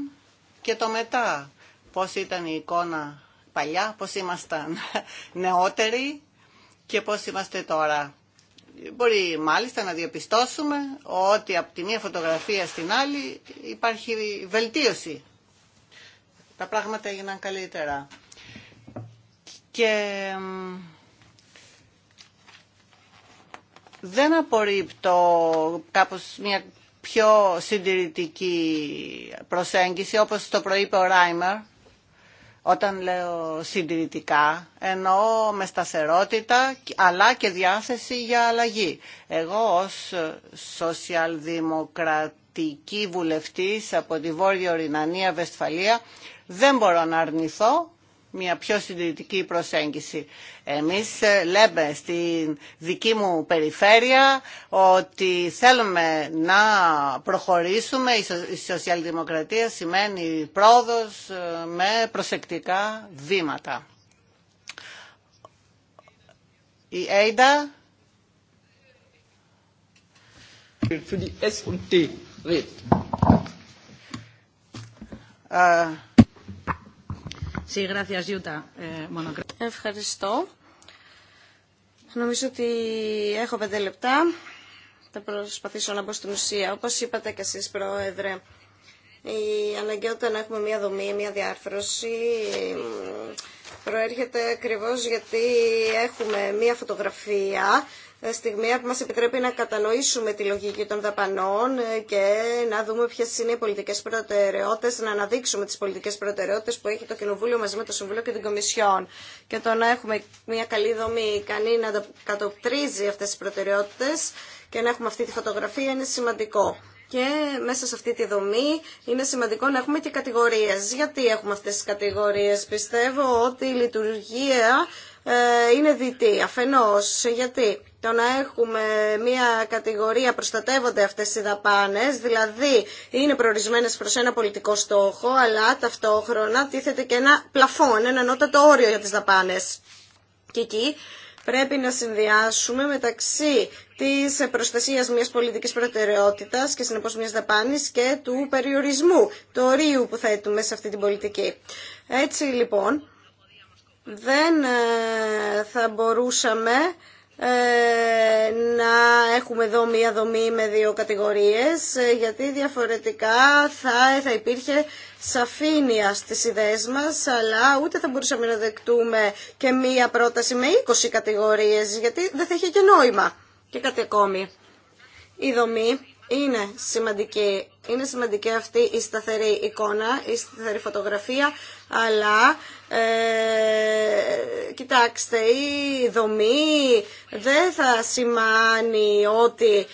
και το μετά. Πώς ήταν η εικόνα παλιά, πώς ήμασταν [LAUGHS] νεότεροι και πώς είμαστε τώρα. Μπορεί μάλιστα να διαπιστώσουμε ότι από τη μία φωτογραφία στην άλλη υπάρχει βελτίωση. Τα πράγματα έγιναν καλύτερα. Και δεν απορρίπτω κάπως μια πιο συντηρητική προσέγγιση, όπως το προείπε ο Ράιμερ, όταν λέω συντηρητικά, εννοώ με σταθερότητα αλλά και διάθεση για αλλαγή. Εγώ ως σοσιαλδημοκρατική βουλευτής από τη Βόρεια Ορεινανία Βεσφαλία δεν μπορώ να αρνηθώ μια πιο συντηρητική προσέγγιση. Εμείς ε, λέμε στη δική μου περιφέρεια ότι θέλουμε να προχωρήσουμε. Η σοσιαλδημοκρατία σημαίνει πρόοδος ε, με προσεκτικά βήματα. Η Έιντα. Uh, Eh, Ευχαριστώ. Νομίζω ότι έχω πέντε λεπτά. Θα προσπαθήσω να μπω στην ουσία. Όπως είπατε και εσείς, Πρόεδρε, η αναγκαιότητα να έχουμε μία δομή, μία διάρθρωση προέρχεται ακριβώ γιατί έχουμε μία φωτογραφία στιγμή που μας επιτρέπει να κατανοήσουμε τη λογική των δαπανών ε, και να δούμε ποιες είναι οι πολιτικές προτεραιότητες, να αναδείξουμε τις πολιτικές προτεραιότητες που έχει το Κοινοβούλιο μαζί με το Συμβούλιο και την Κομισιόν. Και το να έχουμε μια καλή δομή ικανή να κατοπτρίζει αυτές τις προτεραιότητες και να έχουμε αυτή τη φωτογραφία είναι σημαντικό. Και μέσα σε αυτή τη δομή είναι σημαντικό να έχουμε και κατηγορίες. Γιατί έχουμε αυτές τις κατηγορίες. Πιστεύω ότι η λειτουργία ε, είναι δυτή. Αφενός, γιατί το να έχουμε μια κατηγορία προστατεύονται αυτές οι δαπάνες, δηλαδή είναι προορισμένες προς ένα πολιτικό στόχο, αλλά ταυτόχρονα τίθεται και ένα πλαφόν, ένα ανώτατο όριο για τις δαπάνες. Και εκεί πρέπει να συνδυάσουμε μεταξύ της προστασίας μιας πολιτικής προτεραιότητας και συνεπώς μιας δαπάνης και του περιορισμού, του ορίου που θέτουμε σε αυτή την πολιτική. Έτσι λοιπόν, δεν ε, θα μπορούσαμε ε, να έχουμε εδώ μία δομή με δύο κατηγορίες ε, γιατί διαφορετικά θα, θα υπήρχε σαφήνεια στις ιδέες μας αλλά ούτε θα μπορούσαμε να δεκτούμε και μία πρόταση με 20 κατηγορίες γιατί δεν θα είχε και νόημα και κάτι ακόμη. Η δομή είναι σημαντική. Είναι σημαντική αυτή η σταθερή εικόνα, η σταθερή φωτογραφία, αλλά ε, κοιτάξτε, η δομή δεν θα σημάνει ότι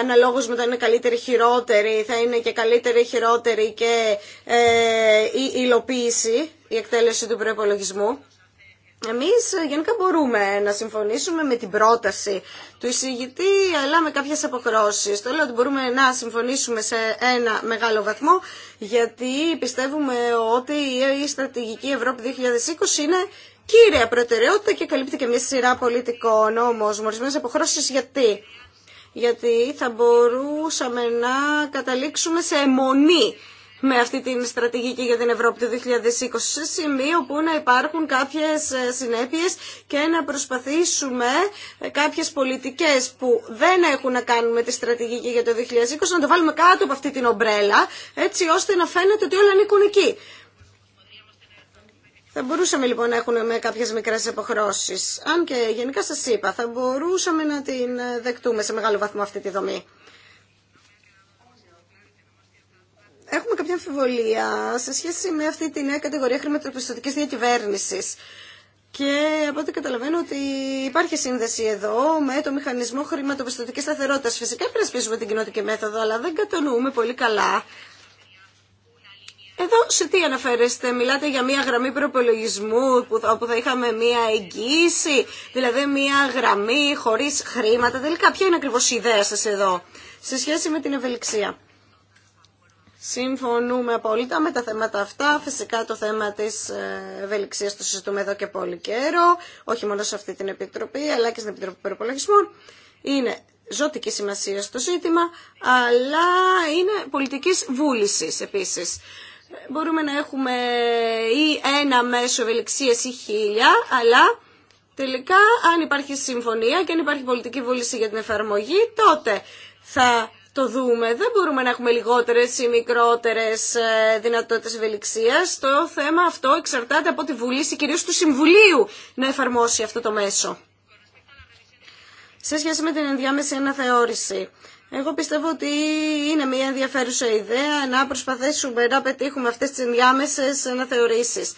αναλόγως με το είναι καλύτερη χειρότερη, θα είναι και καλύτερη χειρότερη και ε, η υλοποίηση, η εκτέλεση του προπολογισμού. Εμεί ε, γενικά μπορούμε να συμφωνήσουμε με την πρόταση του εισηγητή, αλλά με κάποιε αποχρώσεις. Το λέω ότι μπορούμε να συμφωνήσουμε σε ένα μεγάλο βαθμό, γιατί πιστεύουμε ότι η στρατηγική Ευρώπη 2020 είναι κύρια προτεραιότητα και καλύπτει και μια σειρά πολιτικών όμω με αποχρώσει αποχρώσεις γιατί. Γιατί θα μπορούσαμε να καταλήξουμε σε αιμονή με αυτή την στρατηγική για την Ευρώπη του 2020 σε σημείο που να υπάρχουν κάποιες ε, συνέπειες και να προσπαθήσουμε ε, κάποιες πολιτικές που δεν έχουν να κάνουν με τη στρατηγική για το 2020 να το βάλουμε κάτω από αυτή την ομπρέλα έτσι ώστε να φαίνεται ότι όλα ανήκουν εκεί. Θα μπορούσαμε λοιπόν να έχουμε με κάποιες μικρές αποχρώσεις Αν και γενικά σας είπα, θα μπορούσαμε να την ε, δεκτούμε σε μεγάλο βαθμό αυτή τη δομή. έχουμε κάποια αμφιβολία σε σχέση με αυτή τη νέα κατηγορία χρηματοπιστωτικής διακυβέρνησης. Και από ό,τι καταλαβαίνω ότι υπάρχει σύνδεση εδώ με το μηχανισμό χρηματοπιστωτικής σταθερότητας. Φυσικά υπερασπίζουμε την κοινότητα και μέθοδο, αλλά δεν κατανοούμε πολύ καλά. Εδώ σε τι αναφέρεστε, μιλάτε για μια γραμμή προπολογισμού που, όπου θα είχαμε μια εγγύηση, δηλαδή μια γραμμή χωρίς χρήματα. Τελικά ποια είναι ακριβώς η ιδέα σας εδώ σε σχέση με την ευελιξία. Συμφωνούμε απόλυτα με τα θέματα αυτά. Φυσικά το θέμα της ε, ευελιξίας το συζητούμε εδώ και πολύ καιρό, όχι μόνο σε αυτή την Επιτροπή, αλλά και στην Επιτροπή Περιπολογισμών. Είναι ζωτική σημασία στο ζήτημα, αλλά είναι πολιτικής βούλησης επίσης. Μπορούμε να έχουμε ή ένα μέσο ευελιξίας ή χίλια, αλλά τελικά αν υπάρχει συμφωνία και αν υπάρχει πολιτική βούληση για την εφαρμογή, τότε θα το δούμε, δεν μπορούμε να έχουμε λιγότερες ή μικρότερες ε, δυνατότητες ευελιξίας. Το θέμα αυτό εξαρτάται από τη Βουλή, κυρίως του Συμβουλίου, να εφαρμόσει αυτό το μέσο. Σε σχέση με την ενδιάμεση αναθεώρηση. Εγώ πιστεύω ότι είναι μια ενδιαφέρουσα ιδέα να προσπαθήσουμε να πετύχουμε αυτές τις ενδιάμεσες αναθεωρήσεις.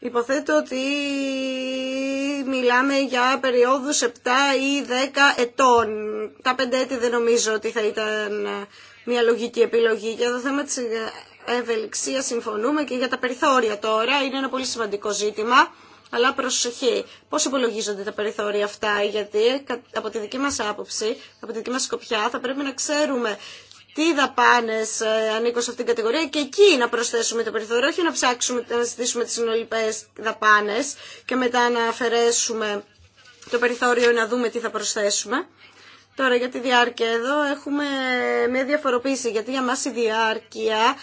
Υποθέτω ότι μιλάμε για περιόδους 7 ή 10 ετών. Τα 5 έτη δεν νομίζω ότι θα ήταν μια λογική επιλογή. Για το θέμα της ευελιξίας συμφωνούμε και για τα περιθώρια τώρα. Είναι ένα πολύ σημαντικό ζήτημα. Αλλά προσοχή, πώς υπολογίζονται τα περιθώρια αυτά, γιατί από τη δική μας άποψη, από τη δική μας σκοπιά, θα πρέπει να ξέρουμε τι δαπάνε ε, ανήκουν σε αυτήν την κατηγορία και εκεί να προσθέσουμε το περιθώριο, όχι να ψάξουμε να ζητήσουμε τι συνολικέ δαπάνε και μετά να αφαιρέσουμε το περιθώριο να δούμε τι θα προσθέσουμε. Τώρα για τη διάρκεια εδώ έχουμε μια διαφοροποίηση γιατί για μας η διάρκεια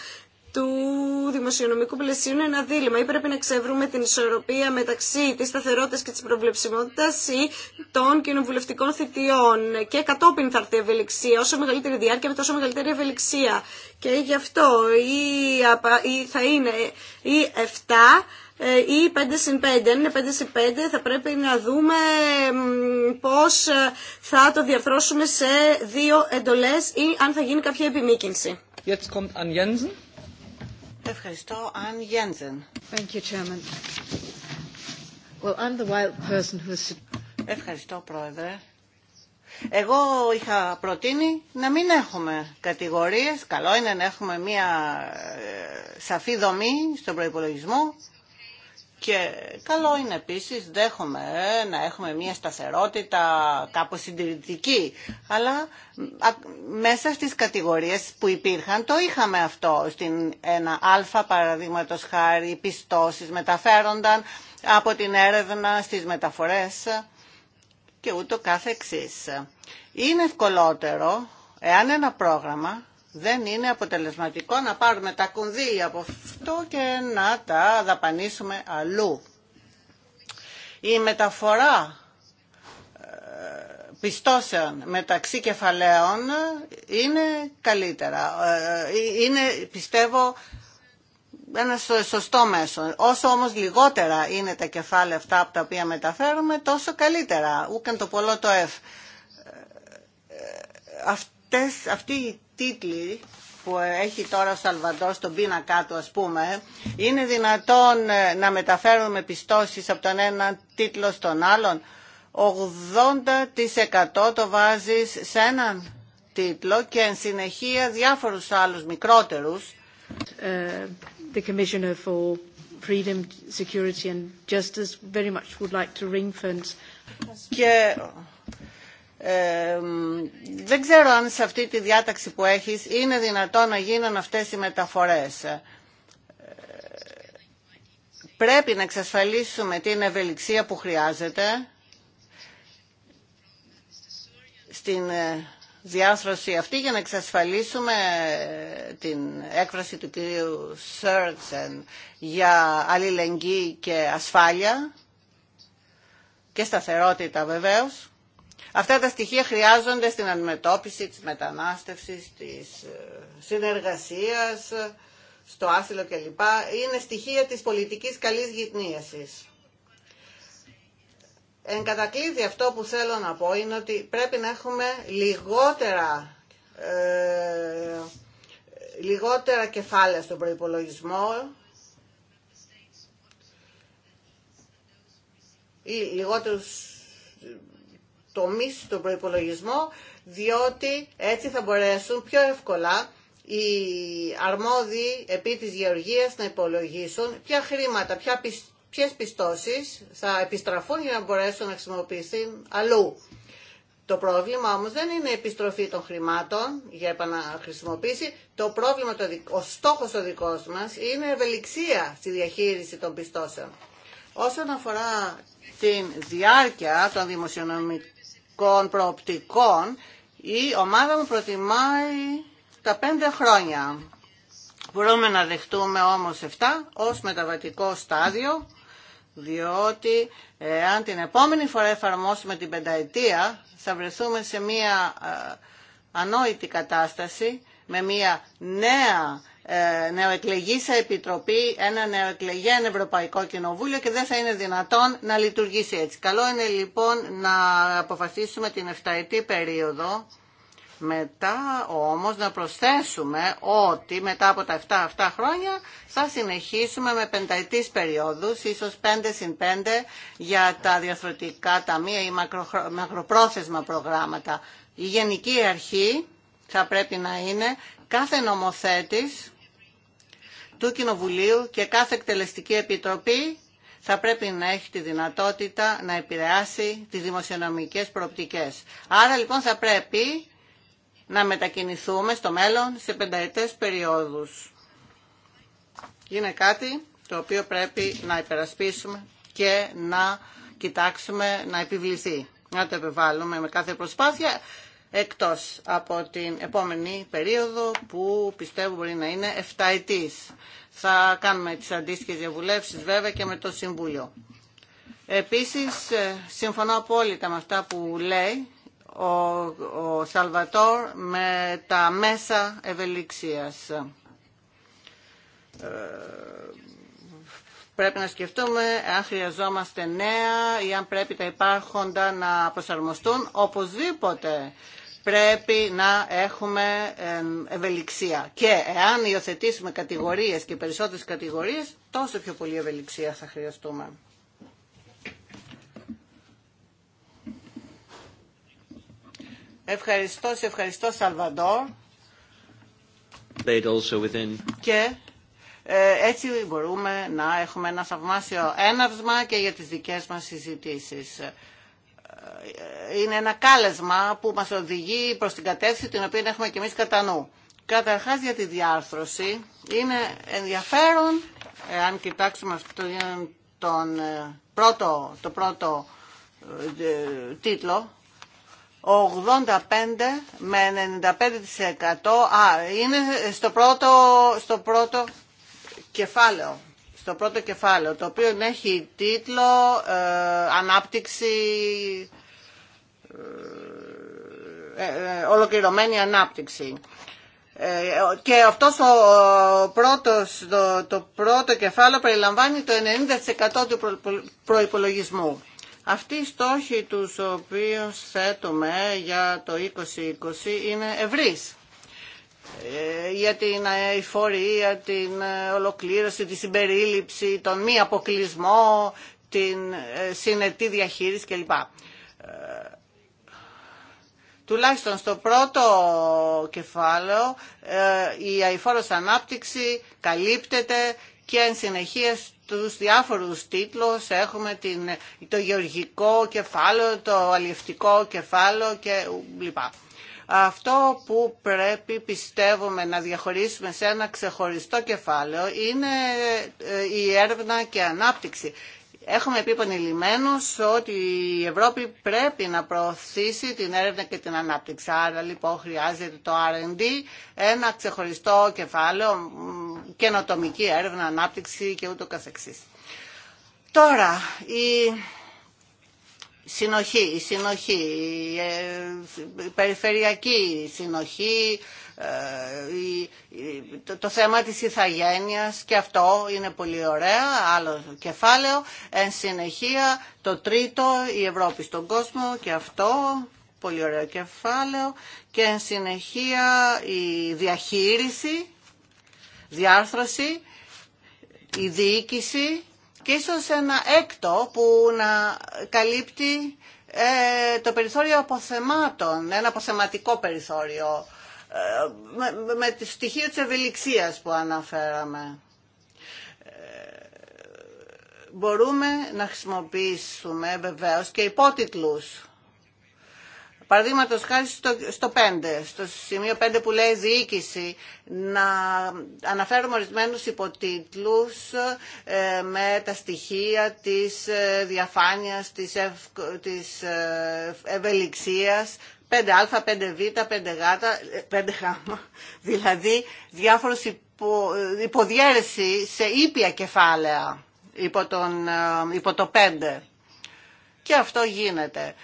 του δημοσιονομικού πλαισίου είναι ένα δίλημα. Ή πρέπει να ξεβρούμε την ισορροπία μεταξύ τη σταθερότητα και τη προβλεψιμότητα ή των κοινοβουλευτικών θητιών. Και κατόπιν θα έρθει η ευελιξία. Όσο μεγαλύτερη διάρκεια, με τόσο μεγαλύτερη ευελιξία. Και γι' αυτό ή θα είναι ή 7 ε, ή 5 συν 5. Αν είναι 5 συν 5 θα πρέπει να δούμε πώς ε, θα το διαρθρώσουμε σε δύο εντολές ή αν θα γίνει κάποια επιμήκυνση. Jetzt kommt an Jensen. Ευχαριστώ. Αν Γιέντζεν. Ευχαριστώ, Πρόεδρε. Εγώ είχα προτείνει να μην έχουμε κατηγορίες. Καλό είναι να έχουμε μία ε, σαφή δομή στον προϋπολογισμό και καλό είναι επίσης, δέχομαι ε, να έχουμε μια σταθερότητα κάπως συντηρητική, αλλά μέσα στις κατηγορίες που υπήρχαν το είχαμε αυτό. Στην ένα αλφα παραδείγματος χάρη, οι πιστώσεις μεταφέρονταν από την έρευνα στις μεταφορές και ούτω κάθε εξής. Είναι ευκολότερο εάν ένα πρόγραμμα δεν είναι αποτελεσματικό να πάρουμε τα κονδύλια από αυτό και να τα δαπανίσουμε αλλού. Η μεταφορά ε, πιστώσεων μεταξύ κεφαλαίων είναι καλύτερα. Ε, ε, είναι, πιστεύω, ένα σωστό μέσο. Όσο όμως λιγότερα είναι τα κεφάλαια αυτά από τα οποία μεταφέρουμε, τόσο καλύτερα. Ούκεν το πολλό το εφ. Αυτές, αυτή τίτλοι που έχει τώρα ο Σαλβαντό στον πίνακά του ας πούμε είναι δυνατόν ε, να μεταφέρουμε πιστώσεις από τον ένα τίτλο στον άλλον 80% το βάζεις σε έναν τίτλο και εν συνεχεία διάφορους άλλους μικρότερους ε, Freedom, Security and Justice very much would like to Και δεν ξέρω αν σε αυτή τη διάταξη που έχεις είναι δυνατό να γίνουν αυτές οι μεταφορές. Ε, πρέπει να εξασφαλίσουμε την ευελιξία που χρειάζεται στην ε, διάθρωση αυτή για να εξασφαλίσουμε ε, την έκφραση του κυρίου Σέρτσεν για αλληλεγγύη και ασφάλεια και σταθερότητα βεβαίως. Αυτά τα στοιχεία χρειάζονται στην αντιμετώπιση της μετανάστευσης, της ε, συνεργασίας, ε, στο άσυλο κλπ. Είναι στοιχεία της πολιτικής καλής γυτνίασης. Εν κατακλείδη αυτό που θέλω να πω είναι ότι πρέπει να έχουμε λιγότερα, ε, λιγότερα κεφάλαια στον προϋπολογισμό ή λιγότερους το μίσο στον προϋπολογισμό, διότι έτσι θα μπορέσουν πιο εύκολα οι αρμόδιοι επί της γεωργίας να υπολογίσουν ποια χρήματα, ποια ποιες πιστώσεις θα επιστραφούν για να μπορέσουν να χρησιμοποιηθούν αλλού. Το πρόβλημα όμως δεν είναι η επιστροφή των χρημάτων για επαναχρησιμοποίηση. Το πρόβλημα, το, ο στόχος ο δικός μας είναι ευελιξία στη διαχείριση των πιστώσεων. Όσον αφορά την διάρκεια των δημοσιονομικών προοπτικών, προοπτικών, η ομάδα μου προτιμάει τα πέντε χρόνια. Μπορούμε να δεχτούμε όμως 7 ως μεταβατικό στάδιο, διότι ε, αν την επόμενη φορά εφαρμόσουμε την πενταετία, θα βρεθούμε σε μία ε, ανόητη κατάσταση, με μία νέα ε, νεοεκλεγή σε επιτροπή, ένα νεοεκλεγέν Ευρωπαϊκό Κοινοβούλιο και δεν θα είναι δυνατόν να λειτουργήσει έτσι. Καλό είναι λοιπόν να αποφασίσουμε την εφταετή περίοδο. Μετά όμως να προσθέσουμε ότι μετά από τα 7 αυτά χρόνια θα συνεχίσουμε με πενταετής περιόδους, ίσως 5 συν 5 για τα διαφορετικά ταμεία ή μακροπρόθεσμα προγράμματα. Η γενική αρχή θα πρέπει να είναι κάθε νομοθέτης του Κοινοβουλίου και κάθε εκτελεστική επιτροπή θα πρέπει να έχει τη δυνατότητα να επηρεάσει τις δημοσιονομικές προοπτικές. Άρα λοιπόν θα πρέπει να μετακινηθούμε στο μέλλον σε πενταετές περιόδους. Είναι κάτι το οποίο πρέπει να υπερασπίσουμε και να κοιτάξουμε να επιβληθεί. Να το επιβάλλουμε με κάθε προσπάθεια εκτός από την επόμενη περίοδο που πιστεύω μπορεί να είναι 7 Θα κάνουμε τις αντίστοιχες διαβουλεύσεις βέβαια και με το Συμβούλιο. Επίσης, ε, συμφωνώ απόλυτα με αυτά που λέει ο, Σαλβατόρ με τα μέσα ευελιξίας. Ε, Πρέπει να σκεφτούμε αν χρειαζόμαστε νέα ή αν πρέπει τα υπάρχοντα να προσαρμοστούν. Οπωσδήποτε πρέπει να έχουμε ευελιξία. Και εάν υιοθετήσουμε κατηγορίες και περισσότερες κατηγορίες, τόσο πιο πολύ ευελιξία θα χρειαστούμε. Ευχαριστώ, σε ευχαριστώ Σαλβαντόρ. Και ε, έτσι μπορούμε να έχουμε ένα θαυμάσιο έναυσμα και για τις δικές μας συζητήσεις. Ε, είναι ένα κάλεσμα που μας οδηγεί προς την κατεύθυνση την οποία έχουμε και εμείς κατά νου. Καταρχάς για τη διάρθρωση είναι ενδιαφέρον, αν κοιτάξουμε αυτό τον ε, πρώτο, το πρώτο τίτλο, 85 με 95% α, είναι στο πρώτο, στο πρώτο κεφάλαιο, στο πρώτο κεφάλαιο, το οποίο έχει τίτλο ε, «Ανάπτυξη, ε, ε, ολοκληρωμένη ανάπτυξη». Και αυτό ο πρώτος, το, το πρώτο κεφάλαιο περιλαμβάνει το 90% του προϋπολογισμού. Αυτοί οι στόχοι τους οποίους θέτουμε για το 2020 είναι ευρύς. Ε, για την εφορία, την ε, ολοκλήρωση, τη συμπερίληψη, τον μη αποκλεισμό, την ε, συνετή διαχείριση κλπ. Τουλάχιστον στο πρώτο κεφάλαιο η αηφόρος ανάπτυξη καλύπτεται και εν συνεχεία στους διάφορους τίτλους έχουμε την, το γεωργικό κεφάλαιο, το αλληλευτικό κεφάλαιο και λοιπά. Αυτό που πρέπει πιστεύουμε να διαχωρίσουμε σε ένα ξεχωριστό κεφάλαιο είναι ε, η έρευνα και ανάπτυξη. Έχουμε πει επανειλημμένως ότι η Ευρώπη πρέπει να προωθήσει την έρευνα και την ανάπτυξη. Άρα λοιπόν χρειάζεται το R&D, ένα ξεχωριστό κεφάλαιο, καινοτομική έρευνα, ανάπτυξη και ούτω καθεξής. Τώρα, συνοχή, συνοχή, ε, η περιφερειακή συνοχή, ε, το θέμα της ηθαγένειας και αυτό είναι πολύ ωραία, άλλο κεφάλαιο. Εν συνεχεία το τρίτο, η Ευρώπη στον κόσμο και αυτό, πολύ ωραίο κεφάλαιο. Και εν συνεχεία η διαχείριση, διάρθρωση, η διοίκηση και ίσως ένα έκτο που να καλύπτει ε, το περιθώριο αποθεμάτων, ένα αποθεματικό περιθώριο ε, με, με τη στοιχείο της ευελιξίας που αναφέραμε. Ε, μπορούμε να χρησιμοποιήσουμε βεβαίως και υπότιτλους Παραδείγματο χάρη στο, στο 5, στο σημείο 5 που λέει διοίκηση, να αναφέρουμε ορισμένου υποτίτλου ε, με τα στοιχεία τη ε, διαφάνειας, της, ε, 5 5α, 5β, 5γ, 5γ, δηλαδή διάφορους υπο, υποδιέρεση σε ήπια κεφάλαια υπό, τον, ε, υπό το 5. Και αυτό γίνεται.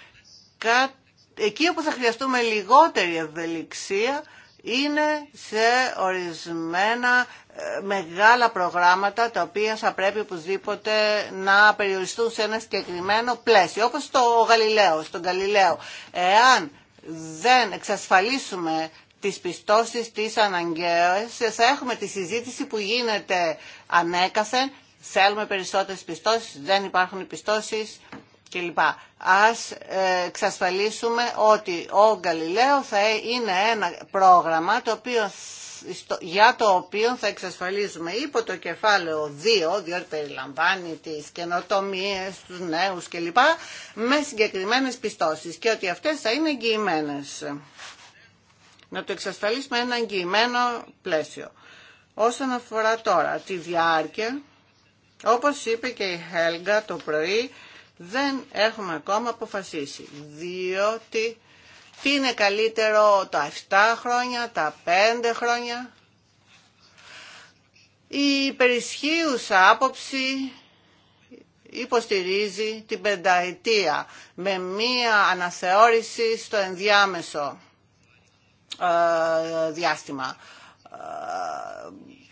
Κάτι εκεί όπου θα χρειαστούμε λιγότερη ευελιξία είναι σε ορισμένα ε, μεγάλα προγράμματα τα οποία θα πρέπει οπωσδήποτε να περιοριστούν σε ένα συγκεκριμένο πλαίσιο όπως το Γαλιλαίο, στον Γαλιλαίο. Εάν δεν εξασφαλίσουμε τις πιστώσεις τις αναγκαίες θα έχουμε τη συζήτηση που γίνεται ανέκαθεν θέλουμε περισσότερες πιστώσεις, δεν υπάρχουν κλπ. Ας ε, εξασφαλίσουμε ότι ο Γκαλιλαίο θα είναι ένα πρόγραμμα το οποίο, για το οποίο θα εξασφαλίσουμε υπό το κεφάλαιο 2, διότι περιλαμβάνει τις καινοτομίες, τους νέους κλπ, με συγκεκριμένες πιστώσεις και ότι αυτές θα είναι εγγυημένες. Να το εξασφαλίσουμε ένα εγγυημένο πλαίσιο. Όσον αφορά τώρα τη διάρκεια, όπως είπε και η Χέλγα το πρωί, δεν έχουμε ακόμα αποφασίσει, διότι τι είναι καλύτερο τα 7 χρόνια, τα 5 χρόνια. Η υπερισχύουσα άποψη υποστηρίζει την πενταετία με μία αναθεώρηση στο ενδιάμεσο ε, διάστημα. Ε,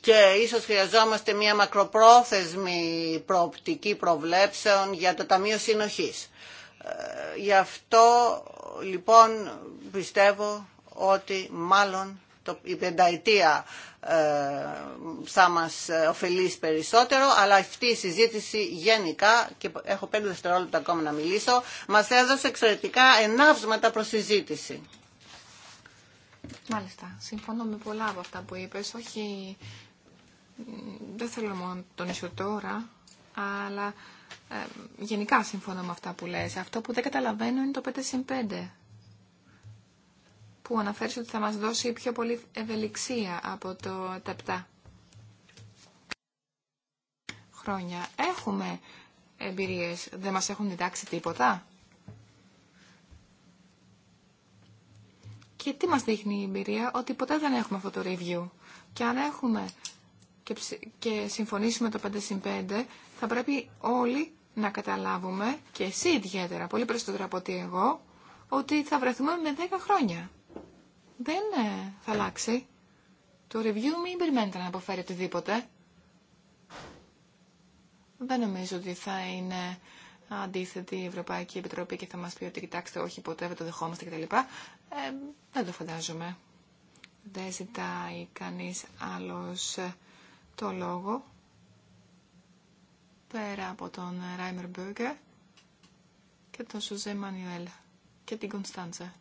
και ίσως χρειαζόμαστε μια μακροπρόθεσμη προοπτική προβλέψεων για το Ταμείο Συνοχής. Ε, γι' αυτό λοιπόν πιστεύω ότι μάλλον η πενταετία ε, θα μας ωφελήσει περισσότερο, αλλά αυτή η συζήτηση γενικά, και έχω πέντε δευτερόλεπτα ακόμα να μιλήσω, μας έδωσε εξαιρετικά ενάψματα προς συζήτηση. Μάλιστα. Συμφωνώ με πολλά από αυτά που είπες, όχι δεν θέλω μόνο τον ίσο τώρα, αλλά ε, γενικά συμφωνώ με αυτά που λες. Αυτό που δεν καταλαβαίνω είναι το 5 5 που αναφέρει ότι θα μας δώσει πιο πολύ ευελιξία από το τα 7 χρόνια. Έχουμε εμπειρίες, δεν μας έχουν διδάξει τίποτα. Και τι μας δείχνει η εμπειρία, ότι ποτέ δεν έχουμε αυτό το review. Και αν έχουμε και συμφωνήσει με το 5 5, θα πρέπει όλοι να καταλάβουμε, και εσύ ιδιαίτερα, πολύ περισσότερο από ότι εγώ, ότι θα βρεθούμε με 10 χρόνια. Δεν ε, θα αλλάξει. Το review μην περιμένετε να αποφέρει οτιδήποτε. Δεν νομίζω ότι θα είναι αντίθετη η Ευρωπαϊκή Επιτροπή και θα μας πει ότι κοιτάξτε όχι ποτέ δεν το δεχόμαστε κτλ. Ε, δεν το φαντάζομαι. Δεν ζητάει κανείς άλλος ε, το λόγο πέρα από τον Ράιμερ Μπέγκε και τον Σουζέ Μανιουέλ και την Κωνσταντζα.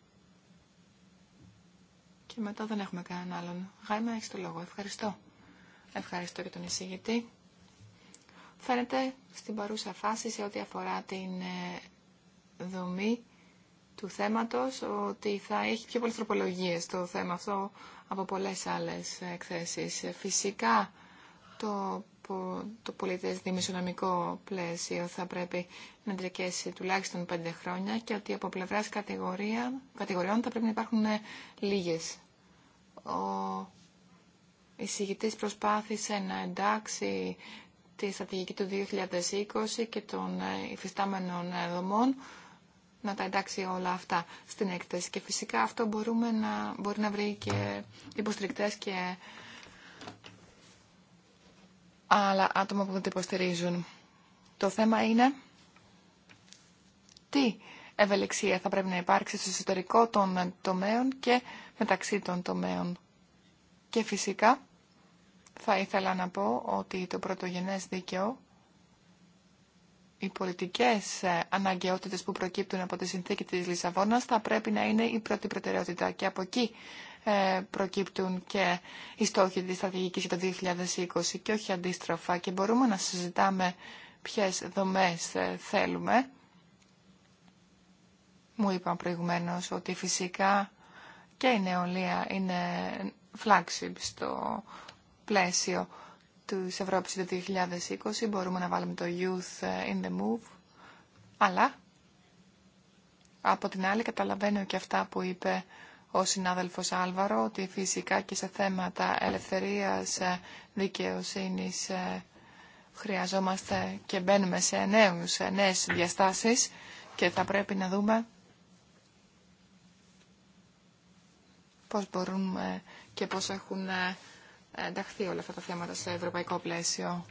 Και μετά δεν έχουμε κανέναν άλλον. Γάιμα, έχει το λόγο. Ευχαριστώ. Ευχαριστώ και τον εισηγητή. Φαίνεται στην παρούσα φάση σε ό,τι αφορά την ε, δομή του θέματος ότι θα έχει πιο πολλές τροπολογίες το θέμα αυτό από πολλές άλλες ε, εκθέσεις. Ε, φυσικά το, το πολίτες δημοσιονομικό πλαίσιο θα πρέπει να διακέσει τουλάχιστον πέντε χρόνια και ότι από πλευράς κατηγορία, κατηγοριών θα πρέπει να υπάρχουν ε, λίγες. Ο εισηγητής προσπάθησε να εντάξει τη στρατηγική του 2020 και των ε, υφιστάμενων ε, δομών να τα εντάξει όλα αυτά στην έκθεση. Και φυσικά αυτό μπορούμε να, μπορεί να βρει και υποστηρικτές και άλλα άτομα που δεν την υποστηρίζουν. Το θέμα είναι τι ευελιξία θα πρέπει να υπάρξει στο εσωτερικό των τομέων και μεταξύ των τομέων. Και φυσικά θα ήθελα να πω ότι το πρωτογενές δίκαιο, οι πολιτικές αναγκαιότητες που προκύπτουν από τη συνθήκη της Λισαβόνας θα πρέπει να είναι η πρώτη προτεραιότητα και από εκεί ε, προκύπτουν και οι στόχοι της στρατηγικής για το 2020 και όχι αντίστροφα και μπορούμε να συζητάμε ποιες δομές ε, θέλουμε. Μου είπαν προηγουμένως ότι φυσικά και η νεολαία είναι flagship στο πλαίσιο της Ευρώπης το 2020. Μπορούμε να βάλουμε το Youth ε, in the Move. Αλλά, από την άλλη, καταλαβαίνω και αυτά που είπε ο συνάδελφος Άλβαρο ότι φυσικά και σε θέματα ελευθερίας ε, δικαιοσύνης ε, χρειαζόμαστε και μπαίνουμε σε, νέους, ε, νέες διαστάσεις και θα πρέπει να δούμε πώς μπορούμε και πώς έχουν ενταχθεί όλα αυτά τα θέματα σε ευρωπαϊκό πλαίσιο.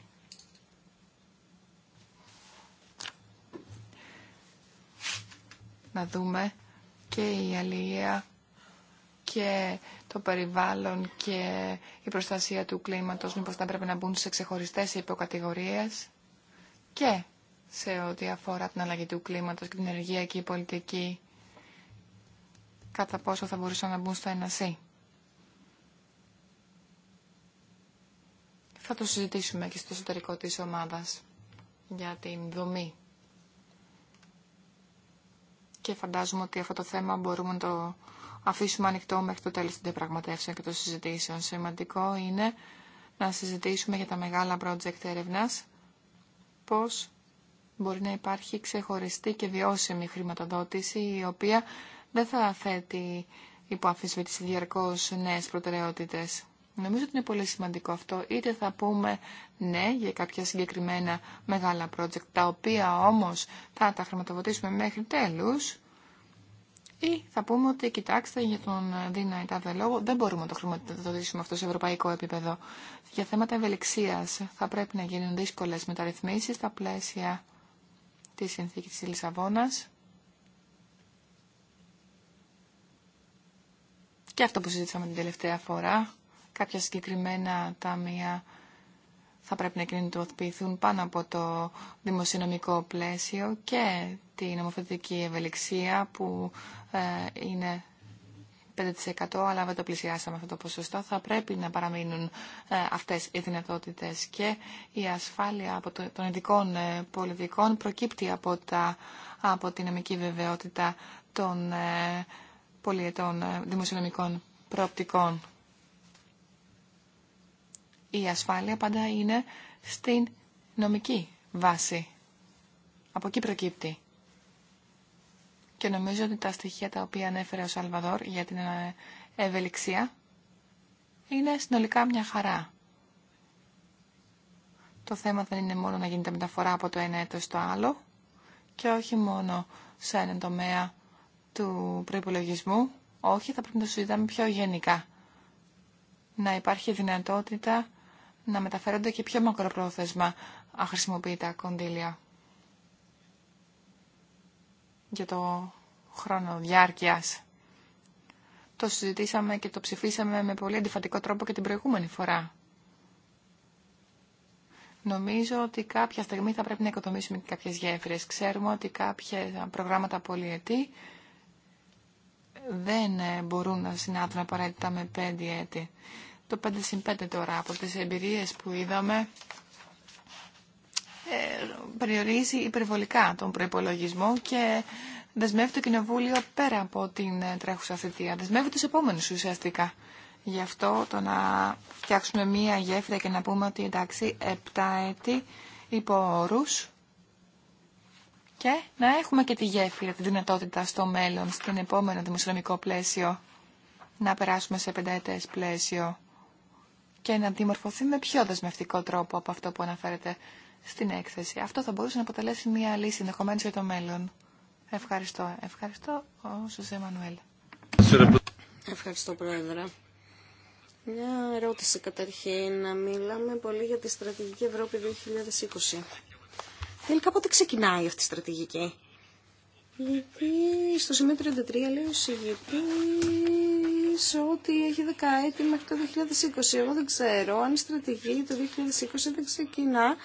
Να δούμε και η αλληλεία και το περιβάλλον και η προστασία του κλίματος μήπως θα πρέπει να μπουν σε ξεχωριστές υποκατηγορίες και σε ό,τι αφορά την αλλαγή του κλίματος και την ενεργειακή πολιτική κατά πόσο θα μπορούσαν να μπουν στο ΕΝΑΣΥ. Θα το συζητήσουμε και στο εσωτερικό της ομάδας για την δομή. Και φαντάζομαι ότι αυτό το θέμα μπορούμε να το αφήσουμε ανοιχτό μέχρι το τέλος των διαπραγματεύσεων και των συζητήσεων. Σημαντικό είναι να συζητήσουμε για τα μεγάλα project έρευνα πώς μπορεί να υπάρχει ξεχωριστή και βιώσιμη χρηματοδότηση η οποία δεν θα θέτει υπό αμφισβήτηση διαρκώς νέες προτεραιότητες. Νομίζω ότι είναι πολύ σημαντικό αυτό. Είτε θα πούμε ναι για κάποια συγκεκριμένα μεγάλα project, τα οποία όμως θα τα χρηματοδοτήσουμε μέχρι τέλους, ή θα πούμε ότι κοιτάξτε για τον Δίνα Ιτάδε λόγο δεν μπορούμε να το χρηματοδοτήσουμε αυτό σε ευρωπαϊκό επίπεδο. Για θέματα ευελιξία θα πρέπει να γίνουν δύσκολε μεταρρυθμίσει στα πλαίσια τη συνθήκη τη Λισαβόνα. Και αυτό που συζήτησαμε την τελευταία φορά, κάποια συγκεκριμένα ταμεία θα πρέπει να κινητοποιηθούν πάνω από το δημοσιονομικό πλαίσιο και την νομοθετική ευελιξία που ε, είναι 5% αλλά δεν το πλησιάσαμε αυτό το ποσοστό. Θα πρέπει να παραμείνουν ε, αυτές οι δυνατότητες και η ασφάλεια από το, των ειδικών ε, πολιτικών προκύπτει από, τα, από την νομική βεβαιότητα των πολιετών δημοσιονομικών προοπτικών. Η ασφάλεια πάντα είναι στην νομική βάση. Από εκεί προκύπτει. Και νομίζω ότι τα στοιχεία τα οποία ανέφερε ο Σαλβαδόρ για την ε, ευελιξία είναι συνολικά μια χαρά. Το θέμα δεν είναι μόνο να γίνεται μεταφορά από το ένα έτος στο άλλο και όχι μόνο σε έναν τομέα του προϋπολογισμού. Όχι, θα πρέπει να το συζητάμε πιο γενικά. Να υπάρχει δυνατότητα να μεταφέρονται και πιο μακροπρόθεσμα αχρησιμοποιητά κοντήλια για το χρόνο διάρκειας. Το συζητήσαμε και το ψηφίσαμε με πολύ αντιφατικό τρόπο και την προηγούμενη φορά. Νομίζω ότι κάποια στιγμή θα πρέπει να οικοδομήσουμε και κάποιες γέφυρες. Ξέρουμε ότι κάποια προγράμματα πολυετή δεν μπορούν να συνάδουν απαραίτητα με πέντε έτη. Το 5 συν 5 τώρα από τις εμπειρίες που είδαμε ε, περιορίζει υπερβολικά τον προπολογισμό και δεσμεύει το Κοινοβούλιο πέρα από την ε, τρέχουσα θητεία. Δεσμεύει του επόμενου ουσιαστικά. Γι' αυτό το να φτιάξουμε μία γέφυρα και να πούμε ότι εντάξει, επτά έτη υπό όρους και να έχουμε και τη γέφυρα, τη δυνατότητα στο μέλλον, στην επόμενο δημοσιονομικό πλαίσιο, να περάσουμε σε πενταετές πλαίσιο και να αντιμορφωθεί με πιο δεσμευτικό τρόπο από αυτό που αναφέρεται στην έκθεση. Αυτό θα μπορούσε να αποτελέσει μια λύση ενδεχομένω για το μέλλον. Ευχαριστώ. Ευχαριστώ, ο Σωσέ Μανουέλ. Ευχαριστώ, Πρόεδρε. Μια ερώτηση καταρχήν. Μιλάμε πολύ για τη στρατηγική Ευρώπη 2020. Τελικά πότε ξεκινάει αυτή η στρατηγική. Γιατί στο σημείο 33 λέει ο Σιγητή ότι έχει δεκαέτη μέχρι το 2020. Εγώ δεν ξέρω αν η στρατηγική το 2020 δεν ξεκινά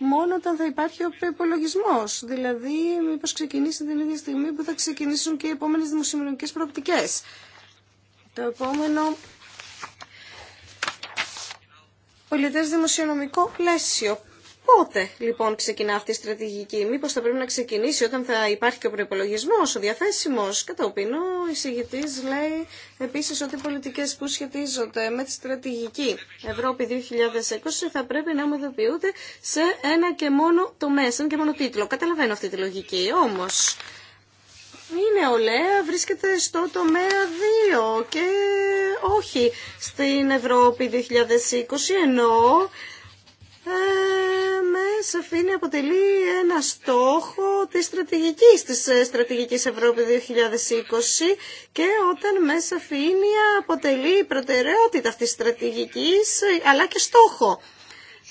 μόνο όταν θα υπάρχει ο υπολογισμό, Δηλαδή, μήπω ξεκινήσει την ίδια στιγμή που θα ξεκινήσουν και οι επόμενε δημοσιονομικέ προοπτικέ. Το επόμενο πολιτέ δημοσιονομικό πλαίσιο. Πότε λοιπόν ξεκινά αυτή η στρατηγική, μήπω θα πρέπει να ξεκινήσει όταν θα υπάρχει και ο προπολογισμό, ο διαθέσιμος, κατόπιν ο εισηγητής λέει επίση ότι οι πολιτικέ που σχετίζονται με τη στρατηγική Ευρώπη 2020 θα πρέπει να ομοδοποιούνται σε ένα και μόνο τομέα, σε ένα και μόνο τίτλο. Καταλαβαίνω αυτή τη λογική, όμω, η νεολαία βρίσκεται στο τομέα 2 και όχι στην Ευρώπη 2020 ενώ ε, με σαφήνεια αποτελεί ένα στόχο της στρατηγικής, της ε, στρατηγικής Ευρώπη 2020 και όταν με σαφήνεια αποτελεί προτεραιότητα αυτής της στρατηγικής ε, αλλά και στόχο.